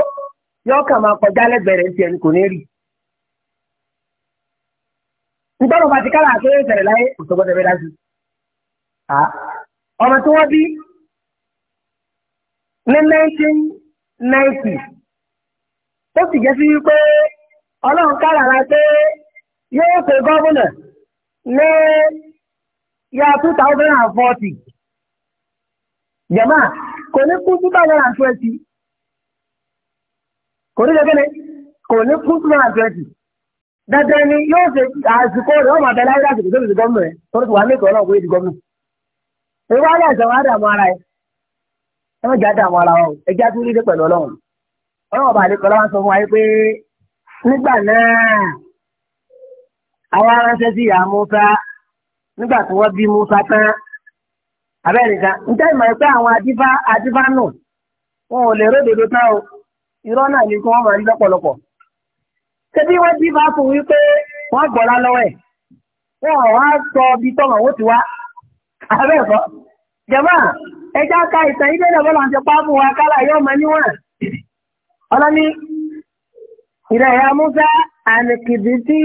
yọ máa kọjá lẹ́gbẹ̀rẹ̀ tiẹ̀ ní kò ní rí i nígbàgbọ́ bá ti kára àkéré ìṣẹ̀lẹ̀ láyé kò tó gbọ́dọ̀ bẹ́ẹ̀ dájú. ọmọ tí wọ́n bí ní 1990 ó sì jẹ́ sí wípé ọlọ́run kára ara pé yóò pè gọ́vùnà ní ya 2040 jẹ̀má kò ní kú 2020 kò ní lẹ́gbẹ̀ẹ́ kò ní kú 2020. dandan ni yóò ṣe àsìkò rẹ̀ wọ́n máa bẹ láyé rẹ̀ kó yé di ara ẹ̀ ẹ má jà ara wọn ẹ já túlé dé pẹ̀lú ọlọ́run ọlọ́run ọba àlekọ̀ lọ́wọ́ sọ fún wa pé nígbà náà àwọn aránṣẹ́ sí ìyá Musa nígbà tí wọ́n bí Musa tán abẹ́rẹ́ ìmọ̀ pé àwọn adífá adífá wọn tẹ́bí wọ́n jí máa fún wípé wọ́n gbọ́ra lọ́wọ́ ẹ̀ wọ́n wá sọ bí tọ́mọ̀ wó ti wá abẹ́ ẹ̀kọ́ jàmá ẹja ka ìtàn ilé ìdàgbọ́ là ń ṣe pápú wa kálá yóò mọ níwọ̀n ọlọ́ni ìrẹ̀ ẹ̀yà Musa àlèkìdìdì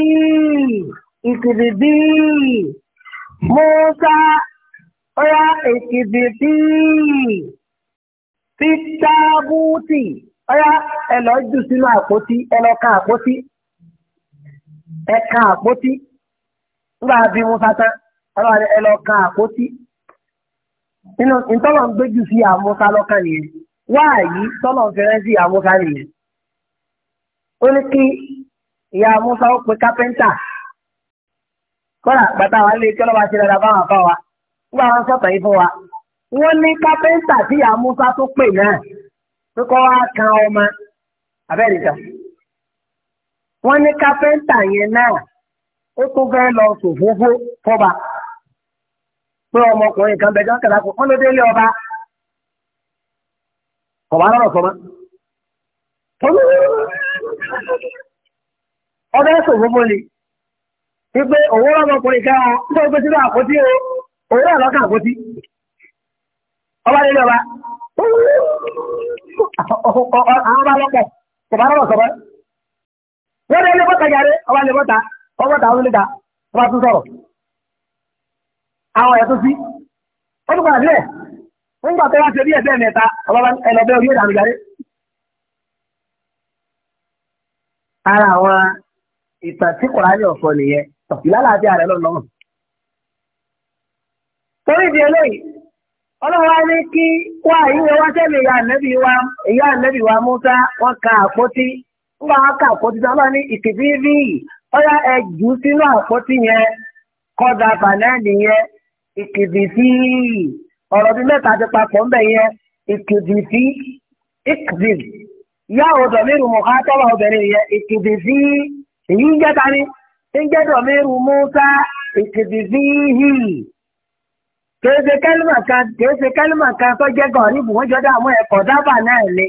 ìkìdìdì Musa ọ̀yà ìkìdìdì fitabuti ọ̀yà ẹ̀ lọ́ọ́ sínú àpótí ẹ̀ àpótí ẹ̀ka àpótí nígbà bí wọ́n sátán ọlọ́run ẹ lọ kan àpótí nínú ìtọ́lọ̀ ń gbéjú sí àmúta lọ́kàn nìyẹn wáàyí tọ́lọ̀ ń fẹ́rẹ́ sí àmúta nìyẹn ó ní kí ìyá àmúta ó pe kápẹ́ńtà kọ́lá bàtà wa lé kí ọlọ́ba ṣe dada báwọn àbá wa nígbà wọn sọ̀tọ̀ yìí fún wa wọ́n ní kápẹ́ńtà tí àmúta tó pè náà pé kọ́ wá kan ọmọ abẹ́rẹ́ ìjà. wọ́n ní kápẹ́ńtà yẹn náà ó tó fẹ́ lọ sòfófó fọba pé ọmọkùnrin kan bẹ jákèjá kò wọ́n ló ọba ọba lọ́rọ̀ sọmọ. ọbẹ̀ sòfófó ni wípé òwúrọ̀ ọmọkùnrin kan tó gbé sínú àpótí o òwúrọ̀ àpótí ọba ọba àwọn ọba lọ́pọ̀ ọba lọ́rọ̀ wọ́n lè bọ́ta yàrá ọba lè bọ́ta ọbọ̀ta ọdún lè ta ọba tún sọ̀rọ̀ àwọn ẹ̀tọ́ sí ó ń gbà tó wá ṣe bí ẹ̀fẹ́ mẹ́ta ọba orí ara àwọn ìtàn tí nìyẹn àti lọ́nà torí ìdí eléyìí ní kí wá sẹ́mi ìyá ànẹ́bí wa nwa aka àpótí n'abalị ní ìkìbírí ọ̀yá ẹ̀jú sínú àpótí yẹn kọ́dà bànáàlì yẹn ìkìbìsí ọ̀rọ̀ bíi mẹ́ta ti papọ̀ ńbẹ̀ yẹn ìkìbìsí ìkìbìsí yá ọ̀dọ̀ mi rù mọ̀ ká tọ́wọ́ obìnrin yẹn ìkìbìsí èyí ń jẹ́ ta ka eze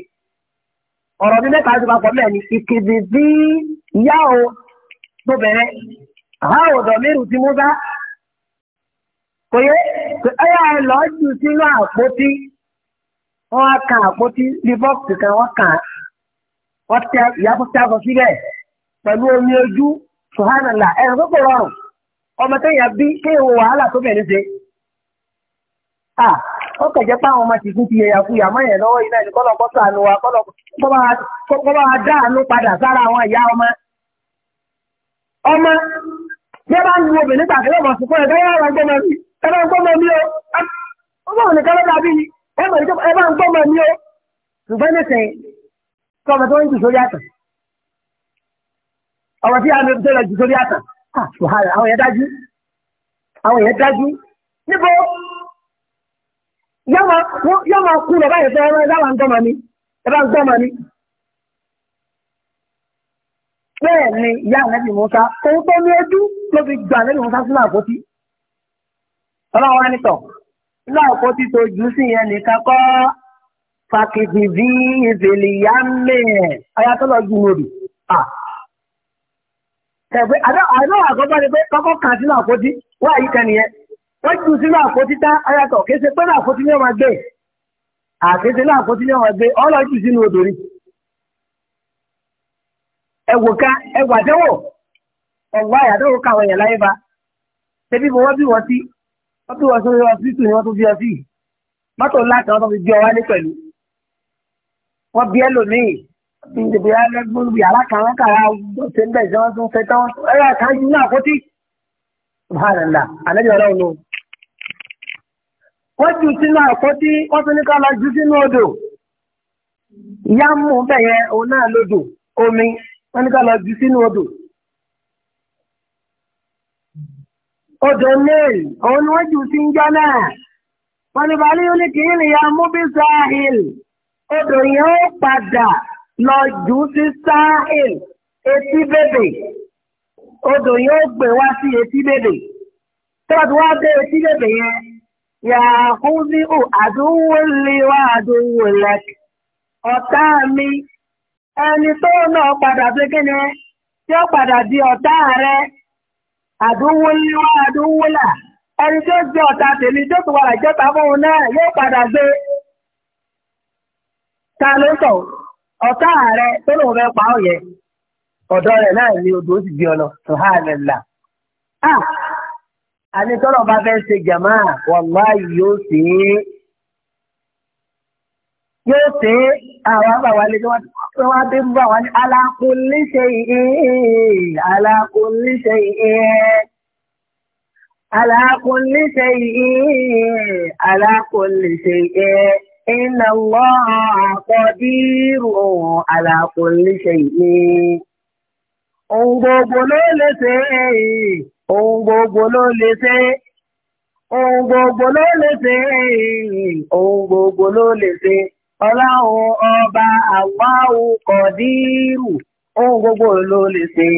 ọ̀rọ̀ mi mẹ́ta ti papọ̀ mẹ́ẹ̀ ni ìkìdì bí ìyá o tó bẹ̀rẹ̀ àá ò dọ̀míìrù ti mú bá kò yẹ ẹ̀yà ẹ̀ lọ́ọ́ jù sínú àpótí wọ́n á kan àpótí bí bọ́ọ̀sì kan wọ́n kàn wọ́n tẹ ìyàbọ̀ tí a síbẹ̀ pẹ̀lú omi ojú sùhánàlà ẹ̀rọ tó kò rọrùn ọmọ tẹ̀yà bí kéwòn wàhálà tó bẹ̀rẹ̀ ṣe ó kẹ̀jẹ́ táwọn ọmọ tìkú ti yẹ̀yà fún ìyàmọ́ yẹn lọ́wọ́ iná ẹni kọ́lọ̀ kọ́sọ̀ àánú wa kọ́lọ̀ kọ́ bá wa dá àánú padà sára àwọn ìyá ọmọ. ọmọ bí ẹ bá ń lu obìnrin tàbí ọmọ sùn fún ẹ bẹ́ẹ̀ wà gbọ́mọ mi ẹ bá ń gbọ́mọ mi o ó bọ̀ nìkan ló dàbí ẹ bá ń gbọ́mọ mi o ṣùgbọ́n nísìnyí tọ́mọ tó ń jù sórí àtàn ọmọ tí àmì tó lọ jù sórí àtàn ah, àwọn yẹn dájú àwọn yẹn dájú níbo yọ́ máa kú lọ báyìí fẹ́ ẹran ẹ̀dá ń gbọ́mọ ni ẹ̀dá ń gbọ́mọ ni. bẹ́ẹ̀ ni ìyá ànábì Musa òun tó ní ojú ló fi gba ànábì Musa sínú àpótí. ọlọ́run á ní tọ̀ nínú àpótí tó jù sí yẹn nìkan kọ́ fàkìtì bí ìbèlè yá mẹ́ ẹ̀ ọ̀yà tó lọ ju òrì. ẹ̀gbẹ́ àdó àkọ́kọ́ ni pé kọ́kọ́ kàn sínú àpótí wọ́n àyíkẹ́ nìyẹn. wọ́n jù sínú àpótítá ayatọ̀ kése pé ní àpótí ní ọmọ gbé àkése ní àpótí ní ọmọ gbé ọlọ́ jù sínú odò rí ẹwà tẹ́wò ọ̀gbà àyàdọ́wò káwọn èèyàn láyé bá tẹbí wọ́n bí wọ́n sí wọ́n bí wọ́n sí wọ́n sí tù wọ́n bí wọ́n sí mọ́tò tó fi gbé pẹ̀lú wọ́n bí wọ́n jù sínú àkọ́tí wọ́n tún ní ká lọ jù sínú odò ìyá mú bẹ̀yẹ òun náà lodò omi wọ́n ní ká lọ jù sínú odò. odò nail òun ni wọ́n jù sí njọ́ náà wọ́n ní balẹ̀ yóò ní kì í nìyá mú bí sahil odò yẹn ó padà lọ jù sí sahil etí bèbè odò yẹn ó gbé wá sí etí bèbè tó wá dé etí bèbè yẹn. Yàhúdíù àdúwò lè wá àdúwò lẹ́k. Ọ̀tá mi, ẹni tó náà padà sí kíni, tí ó padà di ọ̀tá rẹ̀, àdúwò lè wá àdúwò là. Ẹni tó jẹ́ ọ̀tá tèmi tó ti wàrà jẹ́ta fóun náà yóò padà gbé. Ta ló sọ? Ọ̀tá rẹ̀ tó lóun fẹ́ pa ọ̀yẹ́. Ọ̀dọ́ rẹ̀ náà ni odò ó sì gbé ọ lọ, Sùhánilá. Ah! àní tọ́lọ̀ bá fẹ́ ṣe jàmá wàláyé yóò ṣe é yóò ṣe é àwọn àbàwà lè wọ́n wá bí bá wọn alákòólé ṣe é alákòólé ṣe é alákòólé ṣe é alákòólé ṣe é iná wọ́n àkọ́dírò alákòólé ṣe ohun gbogbo ló lè ṣe é ohun gbogbo ló lè ṣe ohun gbogbo ló lè ṣe ohun gbogbo ló lè ṣe ọlọ́run ọba àwáwù kọ̀dírù ohun gbogbo ló lè ṣe.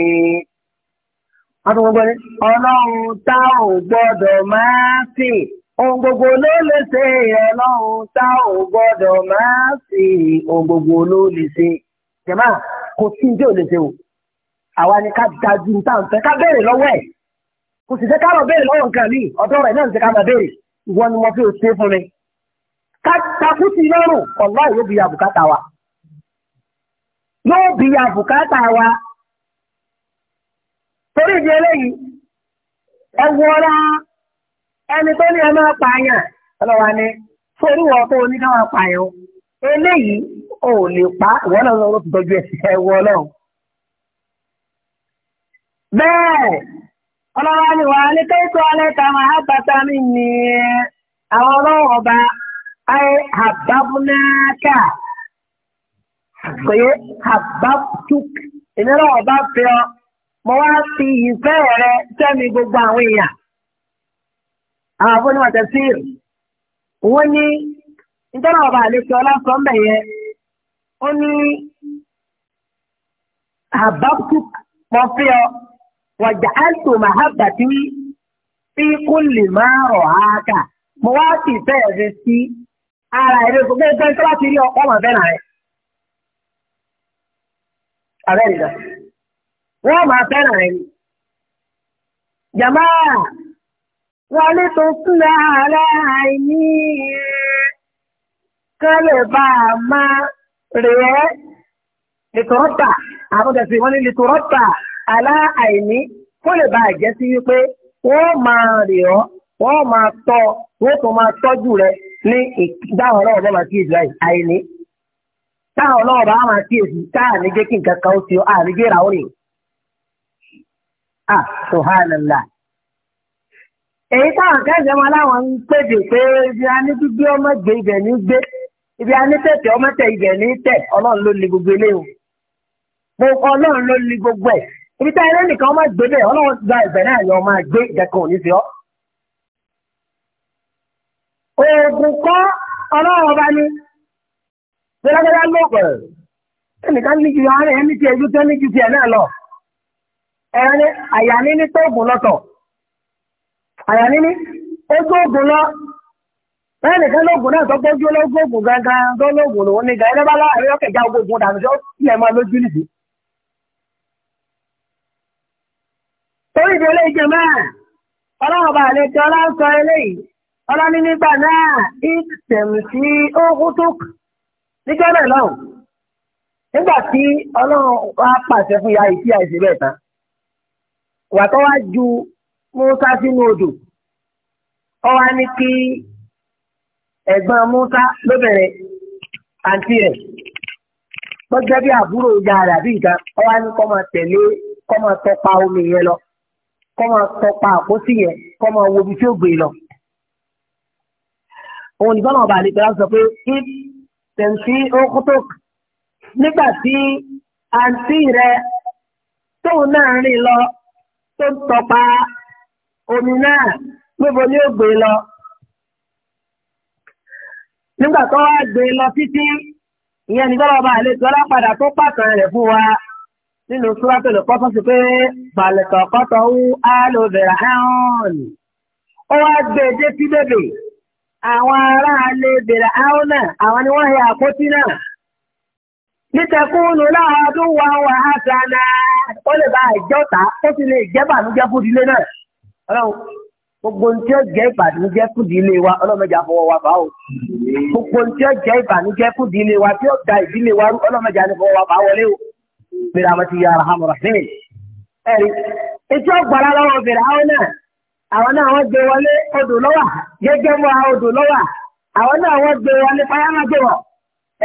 ọlọ́run tá ò gbọ́dọ̀ máa sè ohun gbogbo ló lè ṣe ọlọ́run tá ò gbọ́dọ̀ máa sè ohun gbogbo ló lè ṣe. jẹ̀má kò sí ní ò lè ṣe o àwa ni ká dájú ní táwọn fẹ́ ká bẹ̀rẹ̀ lọ́wọ́ ẹ̀ kò sì fẹ́ ká máa béèrè lọ́wọ́ nǹkan mi ọ̀dọ́ rẹ̀ náà ń fẹ́ ká máa béèrè ìwọ ni mo fi òṣè fún mi takú sí lọ́rùn ọ̀lá yóò bí abùkátà wa yóò bí abùkátà wa torí ìdí eléyìí ẹ wọra ẹni tó ní ẹ máa pààyàn ọlọ́wà ni torí wọn tó ní ká máa pààyàn eléyìí ò lè pa ìwọ náà lọ́wọ́ ti tọ́jú ẹ̀ ẹ̀wọ̀ ọlọ́run bẹ́ẹ̀. ọlọ́wọ́ ni wà ní kéèkọ́ lẹ́ta máa ha bàtà mí ní àwọn ọlọ́wọ́ ọba ayé àbábúnáàkà pé àbábútúk ìnira ọba fi ọ mo wá fi ìfẹ́ rẹ sẹ́mi gbogbo àwọn èèyàn àwọn afọ́ni wọ́n tẹ̀sí wọ́n ní nítorí ọba àlejò ọlọ́sọ̀ mbẹ̀ yẹn ó ní àbábútúk ọ. wàjàálù màhábàtì fi kúlì máa rọ̀ áàkà mo wá sì fẹ́ẹ̀ fi sí ara ẹ̀rọ ìfowópamọ́ ẹgbẹ́ tó bá ti rí ọkọ ọmọ fẹ́ràn rẹ̀. Àbẹ́ ìlọ. Wọ́n máa fẹ́ràn rẹ̀ ni. Jàmáà wọ́n tó kúnlẹ̀ ààrẹ àìní kán lè bá a máa rèé lìtòrọ́tà. Àwọn ọ̀dẹ̀sìn wọn ní lìtòrọ́tà. aláàìní kó lè bá àjẹ́ sí wípé wọ́n máa rè ọ́ wọ́n máa tọ́ wọ́n máa tọ́jú rẹ ní ìdáhùn ọlọ́wọ́ bá máa kíyèsí láì àìní táwọn ọlọ́wọ́ bá máa kíyèsí táà ní jẹ́ kí nǹkan kan ó ti ọ́ jẹ́ ìràwọ̀ ah èyí táwọn wọn láwọn ń pé ibi a ní gbígbé ọmọ gbé ibẹ̀ ní gbé ibi a ní tẹ̀tẹ̀ ọmọ tẹ̀ ibẹ̀ ní tẹ̀ ọlọ́run ló gbogbo eléyìí ọlọ́run ló gbogbo ẹ̀ ibi tá ẹrẹ́ nìkan máa gbé bẹ́ẹ̀ ọlọ́run gba ìbẹ̀ náà yọ máa gbé ìdẹ́kun òní sí ọ́. oògùn kọ́ ọlọ́run ọba ni gbẹlẹgbẹlẹ lóògùn ẹnìkan ní ju ara ẹ ní ti ẹjú tó ní ju tiẹ̀ náà lọ ẹni àyà níní tó oògùn lọ́tọ̀ àyà níní ó tó oògùn lọ bẹ́ẹ̀ nìkan lóògùn náà tó gbójú lóògùn gangan tó lóògùn lòún ní torí ìdílé ìjọba ọlọ́run bá lè jọ ọlọ́sọ eléyìí ọlọ́ni nígbà náà ìtẹ̀mù sí ókútùk níjọ́ náà lọ́hùn nígbà tí ọlọ́run wá pàṣẹ fún ya ìtí àìsí bẹ́ẹ̀ tán wà tó wá ju Músá sínú odò ọ wá ní kí ẹ̀gbọ́n Músá lóbìnrin àǹtí rẹ̀ gbọ́dọ̀ bí àbúrò ìjà rẹ̀ àbí ìjà ọ wá ní kó máa tẹ̀lé kó máa tọpa omi yẹn lọ kọ́ máa tọpa àpótí yẹn kọ́ máa wo ibi tí ó gbé e lọ. òun nìkan náà bá lè pẹ́lá sọ pé if tẹ̀sí okotok nígbà tí àǹtí rẹ tóun náà rìn lọ tó ń tọpa omi náà níbo ni ó gbé e lọ. nígbà tó wá gbé e lọ títí ìyẹn nìkan náà bá lè pẹ́lá padà tó pàtàn rẹ̀ fún wa. nínú súrátò lè kọ́ fọ́sí pé bàlẹ̀tọ̀ kọ́tọ̀ ń alòbẹ̀rẹ̀ áhùn. ó wá gbé e dé sí bèbè àwọn ará alẹ́ bèrè náà àwọn ni wọ́n hẹ àpótí náà. nítẹ̀kùnù wà á ó lè bá ó sì lè jẹ́ fún ìdílé náà. ọlọ́run gbogbo ní tí ó jẹ́ ìbànújẹ́ fún ìdílé wa ọlọ́mọdé àfọwọ́ wa gbogbo ní tí ó jẹ́ ìbànújẹ́ fún ìdílé wa tí bíramati ya arahamu rahimin. ẹ̀rí etí ọgbàrá lọ́wọ́ bèrè àwọn náà àwọn náà wọ́n gbé wọlé odò lọ́wà gẹ́gẹ́ mọ́ odò lọ́wà àwọn náà wọ́n gbé wọlé fayámàgbé wọ̀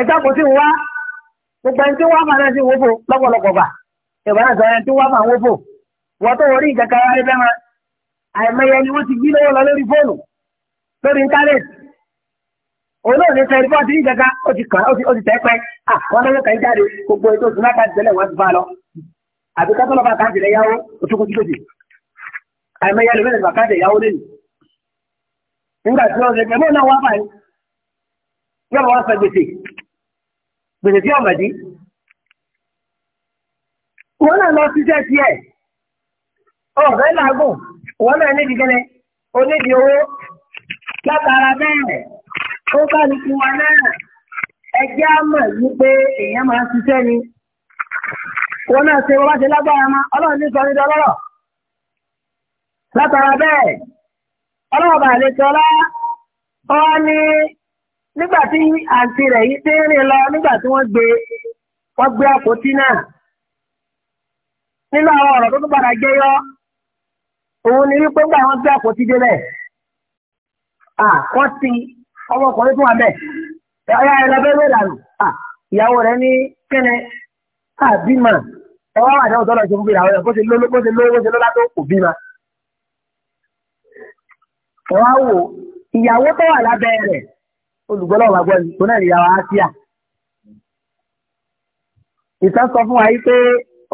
ẹ̀ka kò sí wá gbogbo ẹni tí wọ́n fà náà sí wọ́pọ̀ lọ́pọ̀lọpọ̀ bà ìbá náà sọ̀rọ̀ ẹni tí wọ́n fà wọ́pọ̀ wọ́n tó wọlé ìjàkadì rẹ̀ bẹ́ẹ̀ àìmọye ni wọ́n ti yí lọ́wọ́ lọ lórí fóònù lórí íńtánẹ́ẹ̀tì olóòlù a ẹni bá ti rí gàgà ó ti kàn ó ti tẹ́ pẹ́ àwọn kan jáde gbogbo ètò ìṣúná kan tẹ́lẹ̀ wọ́n ti bá lọ àbí ká tọ́lọ́ bá kan yáwó oṣù kojú lòdì àìmọ́ yálò mẹ́rin bá kan tẹ̀ yáwó lẹ́nu nígbà tí gbèsè gbèsè tí wọn náà lọ làágùn wọn náà onídìí owó ó kálukú wa náà ẹjẹ́ á mọ̀ wípé èèyàn máa ń ṣiṣẹ́ ni wọn náà ṣe wọ́n bá ṣe lágbára ma ọlọ́run ní sọ ní látara bẹ́ẹ̀ ọlọ́run bá lè tọ́lá ọ ní nígbà tí àǹtí rẹ̀ yìí ti rìn lọ nígbà tí wọ́n gbé wọ́n gbé àpótí náà nínú àwọn ọ̀rọ̀ tó tún padà òun ni gbà wọ́n gbé àpótí débẹ̀ ti ọmọkùnrin fún wa bẹ́ẹ̀ ẹ̀yà ẹ̀rọ bẹ́ẹ̀ bẹ́ẹ̀ dànù ìyàwó rẹ̀ ní kẹ́nẹ́ àbímà ẹwà wà náà tọ́lọ̀ ìṣòfò ìyàwó rẹ̀ bó ṣe lówó bó ṣe lówó bó ṣe lọ́lá tó kò bímà. ẹwà wò ìyàwó tó wà lábẹ́ rẹ̀ olùgbọ́lọ̀ wà gbọ́ ní kóná ìyàwó Àsíyà. ìtàn sọ fún wa yìí pé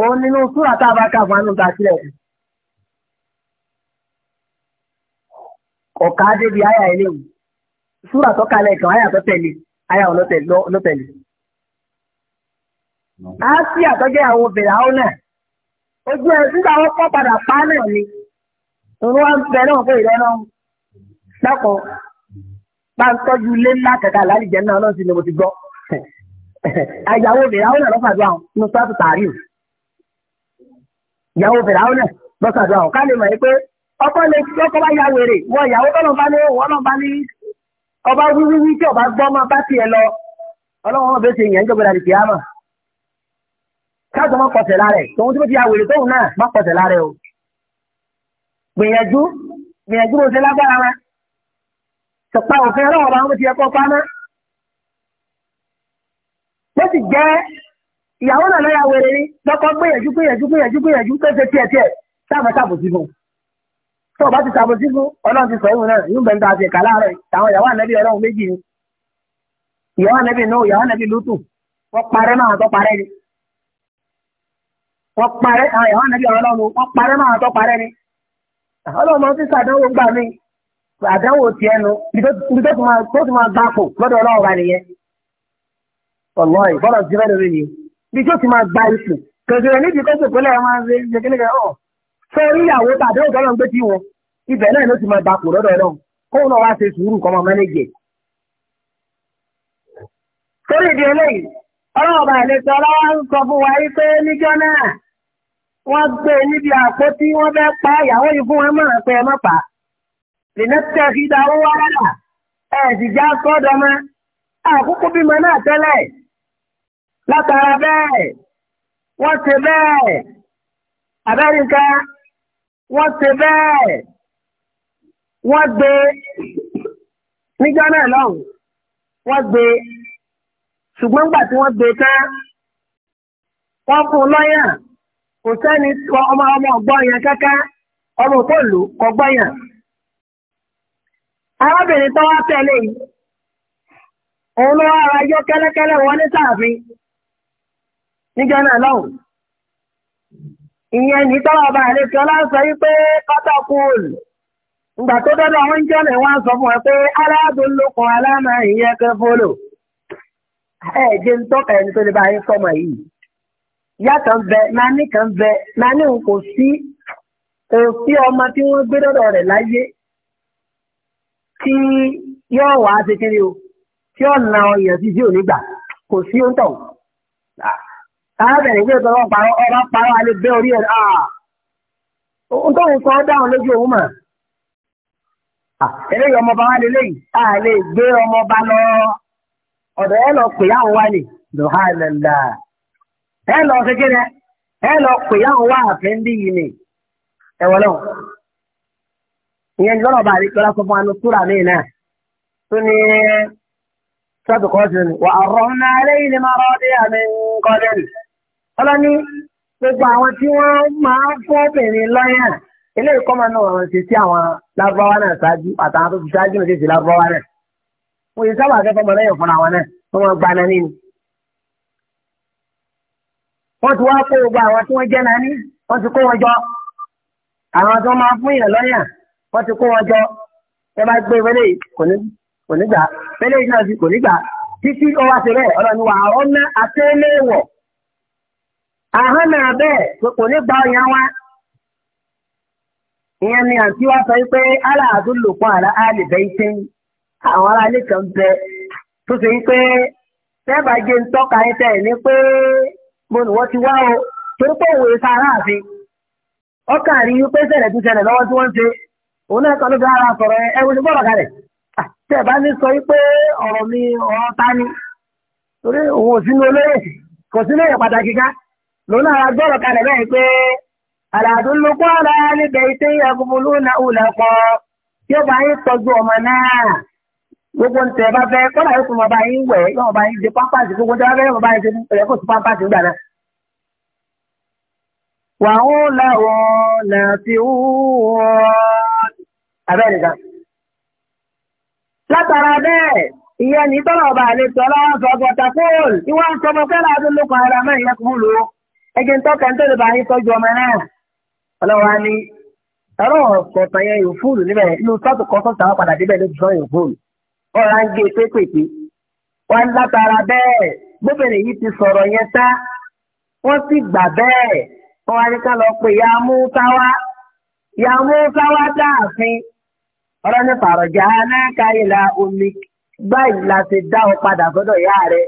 òun nínú súrà tá a bá kà fún anúta sílẹ̀ ọ̀ka débi àyà ilé yìí. súrà tó kalẹ̀ kan àyà tó tẹ̀lé àyà ọlọ́tẹ̀lé. Àásì àtọ́jẹ́ àwọn obìnrin àwọn náà. Ojú ẹ̀ nígbà wọn kọ́ padà pa náà ni. Òun wá bẹ náà fún ìrẹ́ náà. Dákun bá ń tọ́jú ilé ńlá náà náà ni mo ti gbọ́. Àyàwó obìnrin àwọn náà lọ́fàdúrà sọ́ọ̀tù tààrí. Ìyàwó obìnrin àwọn náà ká lè mọ̀ pé ọkọ lè ọkọ bá wèrè wọ ìyàwó tọ́lọ̀ bá ní wọ́n náà ọba wíwí wí tí ọba gbọ́ máa bá tiẹ̀ lọ ọlọ́run ọba ṣe yẹn ń jọba dàbí kìámà káàtó má pọ̀sẹ̀ lára ẹ̀ tòun tí mo ti àwèrè tóun náà má pọ̀sẹ̀ lára ẹ̀ o gbìyànjú gbìyànjú ló ṣe lágbára wa sọ̀pá òfin ọlọ́run ọba wọn ti ẹ̀kọ́ pamọ́ ló sì jẹ́ ìyàwó náà lọ́yà wèrè ni lọ́kọ́ gbìyànjú gbìyànjú gbìyànjú gbìyànjú tó ṣe tiẹ̀ tiẹ̀ sáàmù sáàbò sí fún un tó o bá ti sàbò sí fún ọlọ́run ti sọ ìwọ̀n náà yóò bẹ̀rẹ̀ tààtì ẹ̀ka láàárọ̀ àwọn ìyàwó ànẹ́bí ọlọ́run méjì ni ìyàwó ànẹ́bí náà ìyàwó ànẹ́bí lútù wọ́n parẹ́ náà tó parẹ́ ni wọ́n parẹ́ àwọn ìyàwó ànẹ́bí ọlọ́run wọ́n parẹ́ náà tó parẹ́ ni ọlọ́run máa ń fi sàdánwò gbà mí àdánwò tiẹ̀ nu ibi tó ti máa gbà lọ́dọ̀ ọlọ́run wa nìyẹn ọlọ́run sórí ìyàwó tàbí òjò náà ń gbé tí wọn ibẹ̀ náà ló ti máa bàkù lọ́dọ̀ náà kóun náà wá ṣe sùúrù kọ́ máa mánéjì ẹ̀. sórí ìdí eléyìí ọlọ́ọ̀bà ìletò ọlọ́wọ́ ń sọ fún wa yí pé níjọ́ náà wọ́n gbé e níbi àpótí wọ́n fẹ́ pa ìyàwó yìí fún wọn máa pẹ́ mọ́ pa. lìnà tẹ̀ fi da owó wáyà ẹ̀ sì já sọ́dọ̀ mọ́ àkókò bímọ náà tẹ́lẹ̀ látara bẹ́ẹ̀ wọ́n ti bẹ́ẹ̀ abẹ́rìnká wọ́n ṣe bẹ́ẹ̀ wọ́n gbé níjọ́ náà lọ́hùn wọ́n gbé ṣùgbọ́n nígbà tí wọ́n gbé tán wọ́n fún un lọ́yà kò sẹ́ni ọmọ ọmọ ọgbọ́n yẹn kẹ́kẹ́ ọmọ òkòlù ọgbọ́n yẹn. arábìnrin tó wá tẹ̀lé yìí òun ló wá ara yọ kẹ́lẹ́kẹ́lẹ́ wọlé sáàfin níjọ́ náà lọ́hùn. ìyẹn ní tọ́wọ́ bá rẹ̀ kí ọlá sọ wípé kọ́tọ̀kùn ìgbà tó dọ́dọ̀ wọ́n jẹ́ rẹ̀ wọ́n sọ fún ẹ pé aládùnlókun aláàmà ìyẹn kẹ́ fólò ẹ̀ẹ́dẹ́ ń tọ́ka ẹni tó lè bá yín sọmọ yìí yàtọ̀ ń bẹ nání kan bẹ nání ń kò sí kò sí ọmọ tí wọ́n gbé dọ́dọ̀ rẹ̀ láyé tí yóò wá ṣe kiri o tí ọ̀nà ọ̀yàn ti sí òní kò sí ó káàbẹ̀rẹ̀ ìwé ìtọ́wọ́ parọ́ ọba parọ́ alẹ́ bẹ́ orí ẹ̀ àà ah. tó ń sọ dáhùn lójú òun ah, a lè gbé ọmọọba lọ ọ̀dọ̀ ẹ lọ pè àwọn wa ẹ lọ kékeré ẹ lọ pè yìí ẹ wọ́n ìyẹn sọ fún mi náà ní sí ni wà á rọ̀ ni rọ́ ọlọ́ni gbogbo àwọn tí wọ́n máa ń fún obìnrin lọ́yà eléyìí kọ́mọ náà wọ́n ti sí àwọn lárúbáwá náà ṣáájú àtàwọn tó ti ṣáájú náà ti sí lárúbáwá náà wọ́n yìí sábà kẹ́kọ̀ọ́ mọ̀lẹ́yìn fúnra wọn náà wọ́n gba nání ni. wọ́n ti wá kó gbogbo àwọn tí wọ́n jẹ́ nání wọ́n ti kó wọn jọ àwọn tí wọ́n máa fún yàn lọ́yà wọ́n ti kó wọn jọ ẹ bá gbé wẹ́lẹ̀ kò ní gbà wẹ́lẹ̀ náà kò ní gbà àhán náà bẹ́ẹ̀ kò ní gba ya wá. ìyẹn ni àǹtí wa sọ pé aláàdú lò pọ̀ àrà àlìbẹ́ iṣẹ́ àwọn ará ilé kan bẹ tó ṣe pé sẹ́ẹ̀bà jẹ́ ń tọ́ka ẹ tẹ̀ ní pé mo nù wọ́n ti wá o torí pé òwe rí wípé lọ́wọ́ tí wọ́n ń ṣe òun náà kan ló fi ara sọ̀rọ̀ ẹ wo ni bọ́ọ̀rọ̀ kalẹ̀ ní sọ ọ̀rọ̀ mi ọ̀rọ̀ ta ni torí òun ò lónà agbọ́rọ̀ kalẹ̀ bẹ́ẹ̀ pé àràdúnlókọ́ ara níbẹ̀ ìṣe ẹkùnfúnlú náà wùlẹ̀ pọ̀ tí ó bá yín tọ́jú ọmọ náà gbogbo ń tẹ̀ bá fẹ́ kọ́lá yóò fún ọba yín wẹ̀ yóò ọba yín de pápásì gbogbo tí wọ́n fẹ́ ọba yín ṣe ẹ̀yẹ́ kò sí pápásì gbà náà. wàhún làwọn làǹtí wọ́n abẹ́ nìkan. látara bẹ́ẹ̀ ìyẹn ní tọ́lọ̀ ọba àlejò ọlọ́wọ́ sọ ẹjẹ ń tọ́ka ń tẹ́lẹ̀ bá yín tọ́jú ọmọ náà ọlọ́wà ni ọ̀rọ̀ ọ̀kọ̀ọ̀tàn yẹn yóò fúlù níbẹ̀ inú sọ́ọ̀tù kan sọ́ọ̀tù àwọn padà débẹ̀ lójú sọ́ọ̀ yóò ọ̀rọ̀ ń gé pépèpé wọ́n ń látara bẹ́ẹ̀ gbóbìnrin yìí ti sọ̀rọ̀ yẹn tá wọ́n sì gbà bẹ́ẹ̀ wọ́n wá ní ká lọ pé ya mú sáwá ya mú sáwá dáàfin ọ̀rọ̀ ní pàrọ̀jà anáka omi gbá ìlà dá ọ padà sọ́dọ̀ ìyá rẹ̀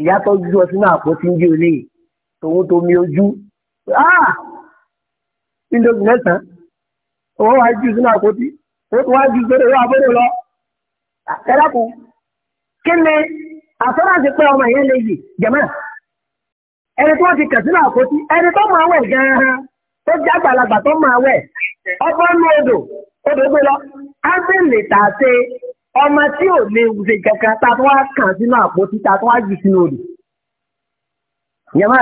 ìyá tó ju ọ sínú àpótí ń jí olè yìí tòun tó mi ojú ah windows mẹ́sàn-án owó wa jù sínú àpótí owó tó wá jù sórí owó àbúrò lọ ẹ̀rọ kí ni àsọ́láṣí pé ọmọ yẹn lè yìí jẹ̀mọ́ ẹni tó já gbàlagbà tó máa wẹ̀ ọgbọ́n ní odò odò gbé lọ ásìn lè tà ṣe ọmọ tí ò a tó wá kàn sínú àpótí yàmá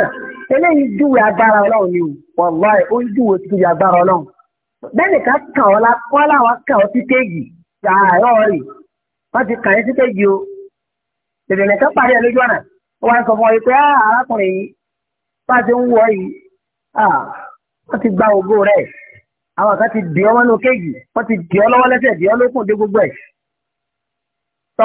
eléyìí júwe agbára ọlọ́run ni wọ̀lọ́ ẹ̀ ó ń júwe sí ibi agbára ọlọ́run bẹ́ẹ̀ nìkan kàn ọ́ wọ́n láwọn kàn ọ́ sí kéèjì àárọ̀ rè wọ́n ti kàn yín sí o tètè nìkan parí ẹ̀ lójú ọ̀nà wọ́n sọ fún ọ pé ah, arákùnrin yìí bá a ti ń wọ yìí ah, wọ́n ti gba ògo rẹ̀ àwọn kan ti dì ọ́ mọ́nú kéèjì wọ́n ti dì ọ́ lọ́wọ́ dì ọ́ lókùn dé ẹ̀ sọ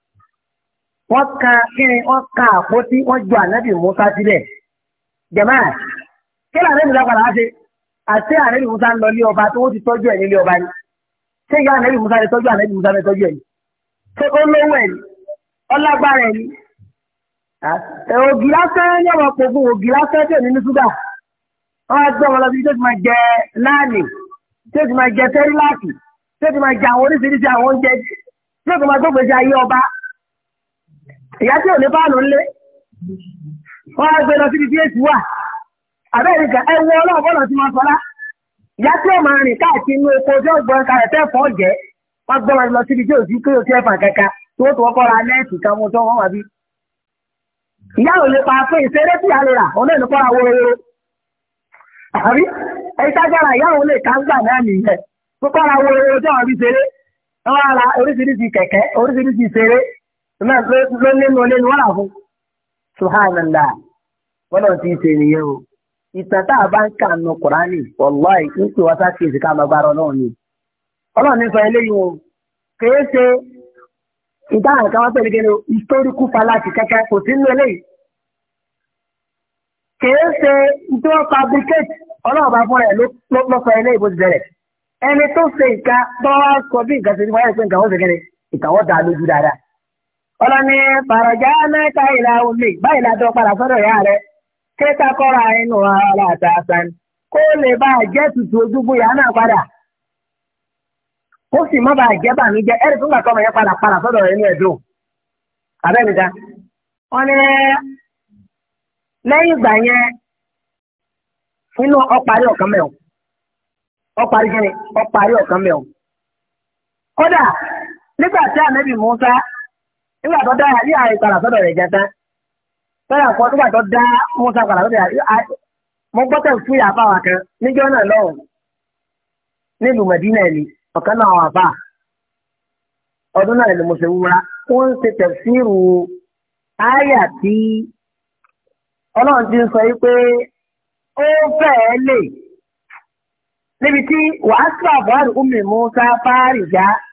wọ́n ka kíni wọ́n ka àpótí wọ́n ju ànábì Musa sílẹ̀ jẹ̀mọ́ kí ni ànábì lápàdà ṣe àti ànábì Musa ń lọ ilé ọba tí wọ́n ti tọ́jú ẹ̀ nílé ọba ni ṣé ìyá ànábì Musa ti tọ́jú ànábì Musa ti tọ́jú ẹ̀ ni ṣé ó lówó ẹ̀ ni ọlágbára ẹ̀ ni ògì lásán ní ọmọ pògùn ògì lásán tí ò ní ní ṣúgà wọ́n á gbé ọmọ lọ sí tó ti máa jẹ láàlì tó ti máa jẹ sẹ́ríláàkì tó ti máa jẹ àwọn oríṣiríṣi ìyá tí ò ní fáànù ńlé wọ́n á gbé lọ síbi tí èsì wà àbẹ́rẹ́ ìgbà ẹ wọ ọlọ́run bọ́ọ̀lù tí wọ́n sọlá ìyá tí ò máa rìn káàkiri inú oko tí ó gbọ́n kalẹ̀ tẹ́ fọ́ jẹ́ wọ́n gbọ́ wọn lọ síbi tí ò sí pé o ti ẹ̀fà kẹka tí wọ́n tó wọ́n kọ́ra nẹ́ẹ̀tì kan mo tọ́ wọ́n wà bí. ìyá ò lè pa pé ìṣeré tí a lè rà òun náà ní kọ́ra wọ́ọ́rọ́ àbí ẹ̀ẹ́dájára ìyá òun lè ká ń gbà náà nìyẹn kó kọ́ra wọ́ọ́rọ́ tí wọ́n fi ṣeré wọ́n ra oríṣiríṣi kẹ̀kẹ́ oríṣiríṣi ìṣeré náà ló nínú ole ni wọ́n fun subhanallah wọ́n ti ṣe nìyẹn o ìtàn tá a bá ń kà nù kùránì wàláì ni ọlọ́run ní sọ eléyìí o kìí ṣe ìdáhùn kan wọ́n pè ní historical fallacy kẹ́kẹ́ kò sí nínú eléyìí kìí fabricate ọlọ́ni fàrọ̀jà mẹ́ta ìlà omi báyìí la dọ́ padà sọ́dọ̀ ìyá rẹ̀ kéka kọ́ra inú ara àtàtàn kó lè bá a jẹ́ tutù ojúgbó ìyá náà padà kó sì má bàa jẹ́ bàmíjẹ́ ẹ̀rí fún gbàtọ́ ọmọ yẹn padà padà sọ́dọ̀ nígbà tó dá yàrá yàrá ìpàdà sọ́dọ̀ rẹ̀ jẹ tán tọ́lá kan nígbà tó dá musa padà sọ́dọ̀ yàrá mo gbọ́ tẹ̀ fún yàrá wa kan níjọ́ náà lọ́hùn nílùú Mẹ̀dínà ni ọ̀kan náà wà bá ọdún náà ni mo ṣe wúra wọ́n ń ṣe tẹ̀síìrù áyà tí ọlọ́run ti ń sọ yí pé ó fẹ́ẹ́ lè níbi tí wàásù àbúrò umi musa fáàrì já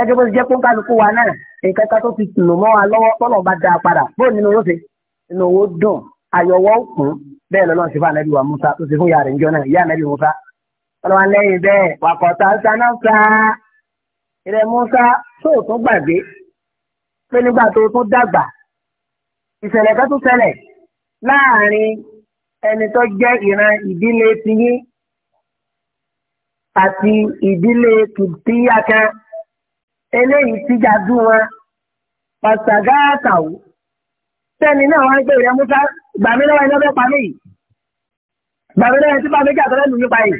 ẹgbẹ́ bó ti jẹ́ kó kálukú wa náà nǹkan kan tó ti tùnú mọ́ wa lọ́wọ́ tọ́lọ̀ bá dáa padà bó nínú owó ṣe nínú owó dùn ayọ̀wọ́ kún bẹ́ẹ̀ lọ́nà ṣe fún anabi wa musa tó ṣe fún yàrá ìjọ náà ìyá anabi musa ọlọ́wà lẹ́yìn bẹ́ẹ̀ wàkọ̀tà sanáfà ìrẹ̀ musa tó o tún gbàgbé pé nígbà tó o tún dàgbà ìṣẹ̀lẹ̀ kan tún ṣẹlẹ̀ láàrin ẹni tó jẹ́ ìran ìdílé tiyín àti ìdílé tìtìyà kan eléyìí ti jagun wọn pàṣàgáàtàwó sẹ́ni náà wọ́n ń pè rẹ̀ múta gbàmí lọ́wọ́ iná fẹ́ pa mí yìí gbàmí lọ́wọ́ tí bàmí jà tọ́lẹ́ lùmí pa yìí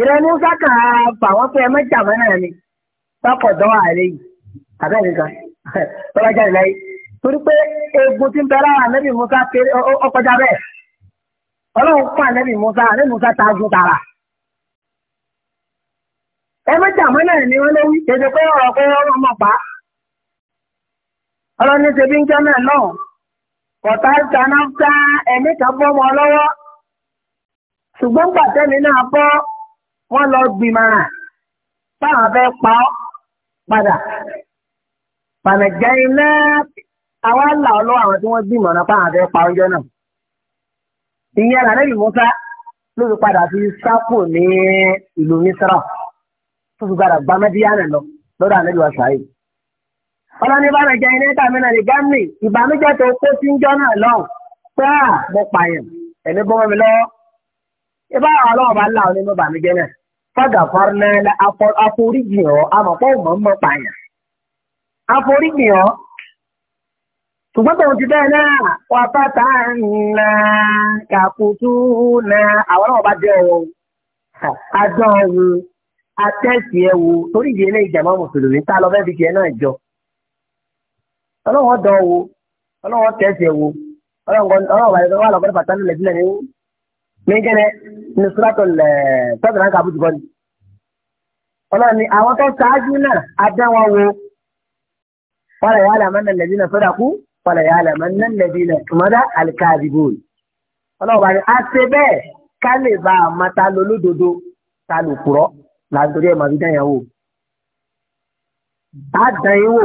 ìrẹ́ kà á bà wọ́n fẹ́ mẹ́jà mọ́ náà ni tọkọ̀dọ́ ààrẹ yìí abẹ́ mi kan tọ́lá jáde láyé torí pé egun ti ń bẹ lára ànẹ́bì múta ọkọjá bẹ́ẹ̀ ọlọ́run fún ànẹ́bì Musa ànẹ́bì múta ta agun tààrà ẹgbẹ́jà mọ́nà ni wọ́n lówí tẹ́jọ pé ọ̀rọ̀ pé ọ̀rọ̀ mọ̀ pa ọlọ́ni ṣe bí ń jẹ́ náà náà kọ̀tà ìtaná ta ẹ̀mí kan bọ́ wọn lọ́wọ́ ṣùgbọ́n pàtẹ́mi náà bọ́ wọ́n lọ gbìmọ̀ràn báwọn fẹ́ pa ọ́ padà pàmẹ̀jẹ́ iná àwọn àlà ọlọ́wọ́ àwọn tí wọ́n gbìmọ̀ràn báwọn fẹ́ pa ọjọ́ náà ìyẹn làlẹ́ ìmúta ló fi padà fi sápò ní ìlú Mísírà tó fi gbàdà gba mẹ́díyàna lọ lọ́dọ̀ àlejò àṣàyè. ọlọ́ni bá nàìjà iná tàbí nàìjà gámìnì ìbànújẹ́ tó kó sí ń jọ́ náà lọ pé à mo pààyàn ẹ̀mí bọ́ mi lọ́wọ́. ibà ọlọ́wọ́ bá là ọ nínú ìbànújẹ́ náà fọ́gà fọ́nrẹ́lẹ́ àforíjì ọ́ àmọ̀pọ̀ mọ̀ ń mọ̀ pààyàn. àforíjì ọ́ ṣùgbọ́n tòun ti bẹ́ẹ̀ náà wà pátá ńlá kàkútú náà àwọn ọlọ́wọ́ bá jẹ́ ọ atẹ́sì ẹ wo torí ìdí ilé ìjàmbá mùsùlùmí tá a lọ fẹ́ fi tiẹ̀ náà jọ ọlọ́wọ́n dán wo ọlọ́wọ́n tẹ́sì ẹ wo ọlọ́wọ́n wà lọ́wọ́ àlọ́kọ́ pàtàkì lẹ́sílẹ̀ ní méjẹ́rẹ́ ní sùràtọ̀ lẹ̀ sọ́tọ̀ náà kàbùtù kọ́ni ọlọ́ni àwọn tó ṣáájú náà adá wọn wo wàlẹ̀ yà lẹ́mọ́ náà lẹ́bí náà sọ́dà kú wàlẹ̀ yà lẹ́mọ́ náà lẹ́bí náà tùmọ́dá àlìkàdìbò ọlọ́wọ́n wà ní àṣẹ bẹ́ẹ̀ ká lólódodo ta lòkùrọ́ là ń torí ẹ̀ màá fi dán yẹn wò. a dán yín wò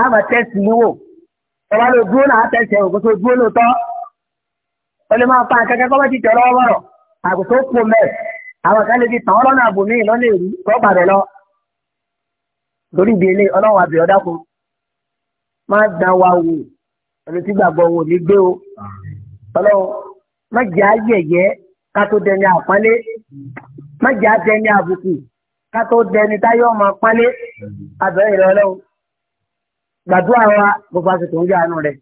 a máa tẹ́sì yín wò ọba ló dúró náà tẹ̀sẹ̀ òkú tó dúró ló tọ́ ó lè máa pa akẹ́kẹ́ kọ́ bá ti tẹ̀ lọ́wọ́ bọ̀rọ̀ àgùntó kú mẹ́ àwọn kan lè fi tàn ọ́ lọ́nà àbòmí lọ́nà èrí tó gbàdọ̀ lọ lórí ìdí ilé ọlọ́run àbí ọ̀dá kan má dán wa wò ẹni tí gbàgbọ́ wò ní gbé o ọlọ́run má jẹ́ ayẹyẹ ká tó dẹni àpọ́nlé mọ̀jà dẹni àbùkù ká tó dẹni táyọ̀ ọmọ pálé abẹ́rẹ́ rẹ ọlọ́run gbàdúrà wa gbogbo àsìkò ń yàánú rẹ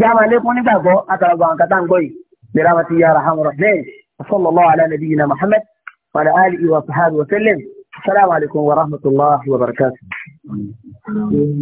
jáàmà lẹ́kún nígbàgbọ́ àtàlọ́gbà àwọn kátà ń gbọ́ yìí lẹ́rọ àwọn ti yà rà hàn rọ̀hìn sallallahu ala nabiyyina muhammad wa ala alihi wa sahbihi wa sallam assalamu alaikum wa rahmatullahi wa barakatuh.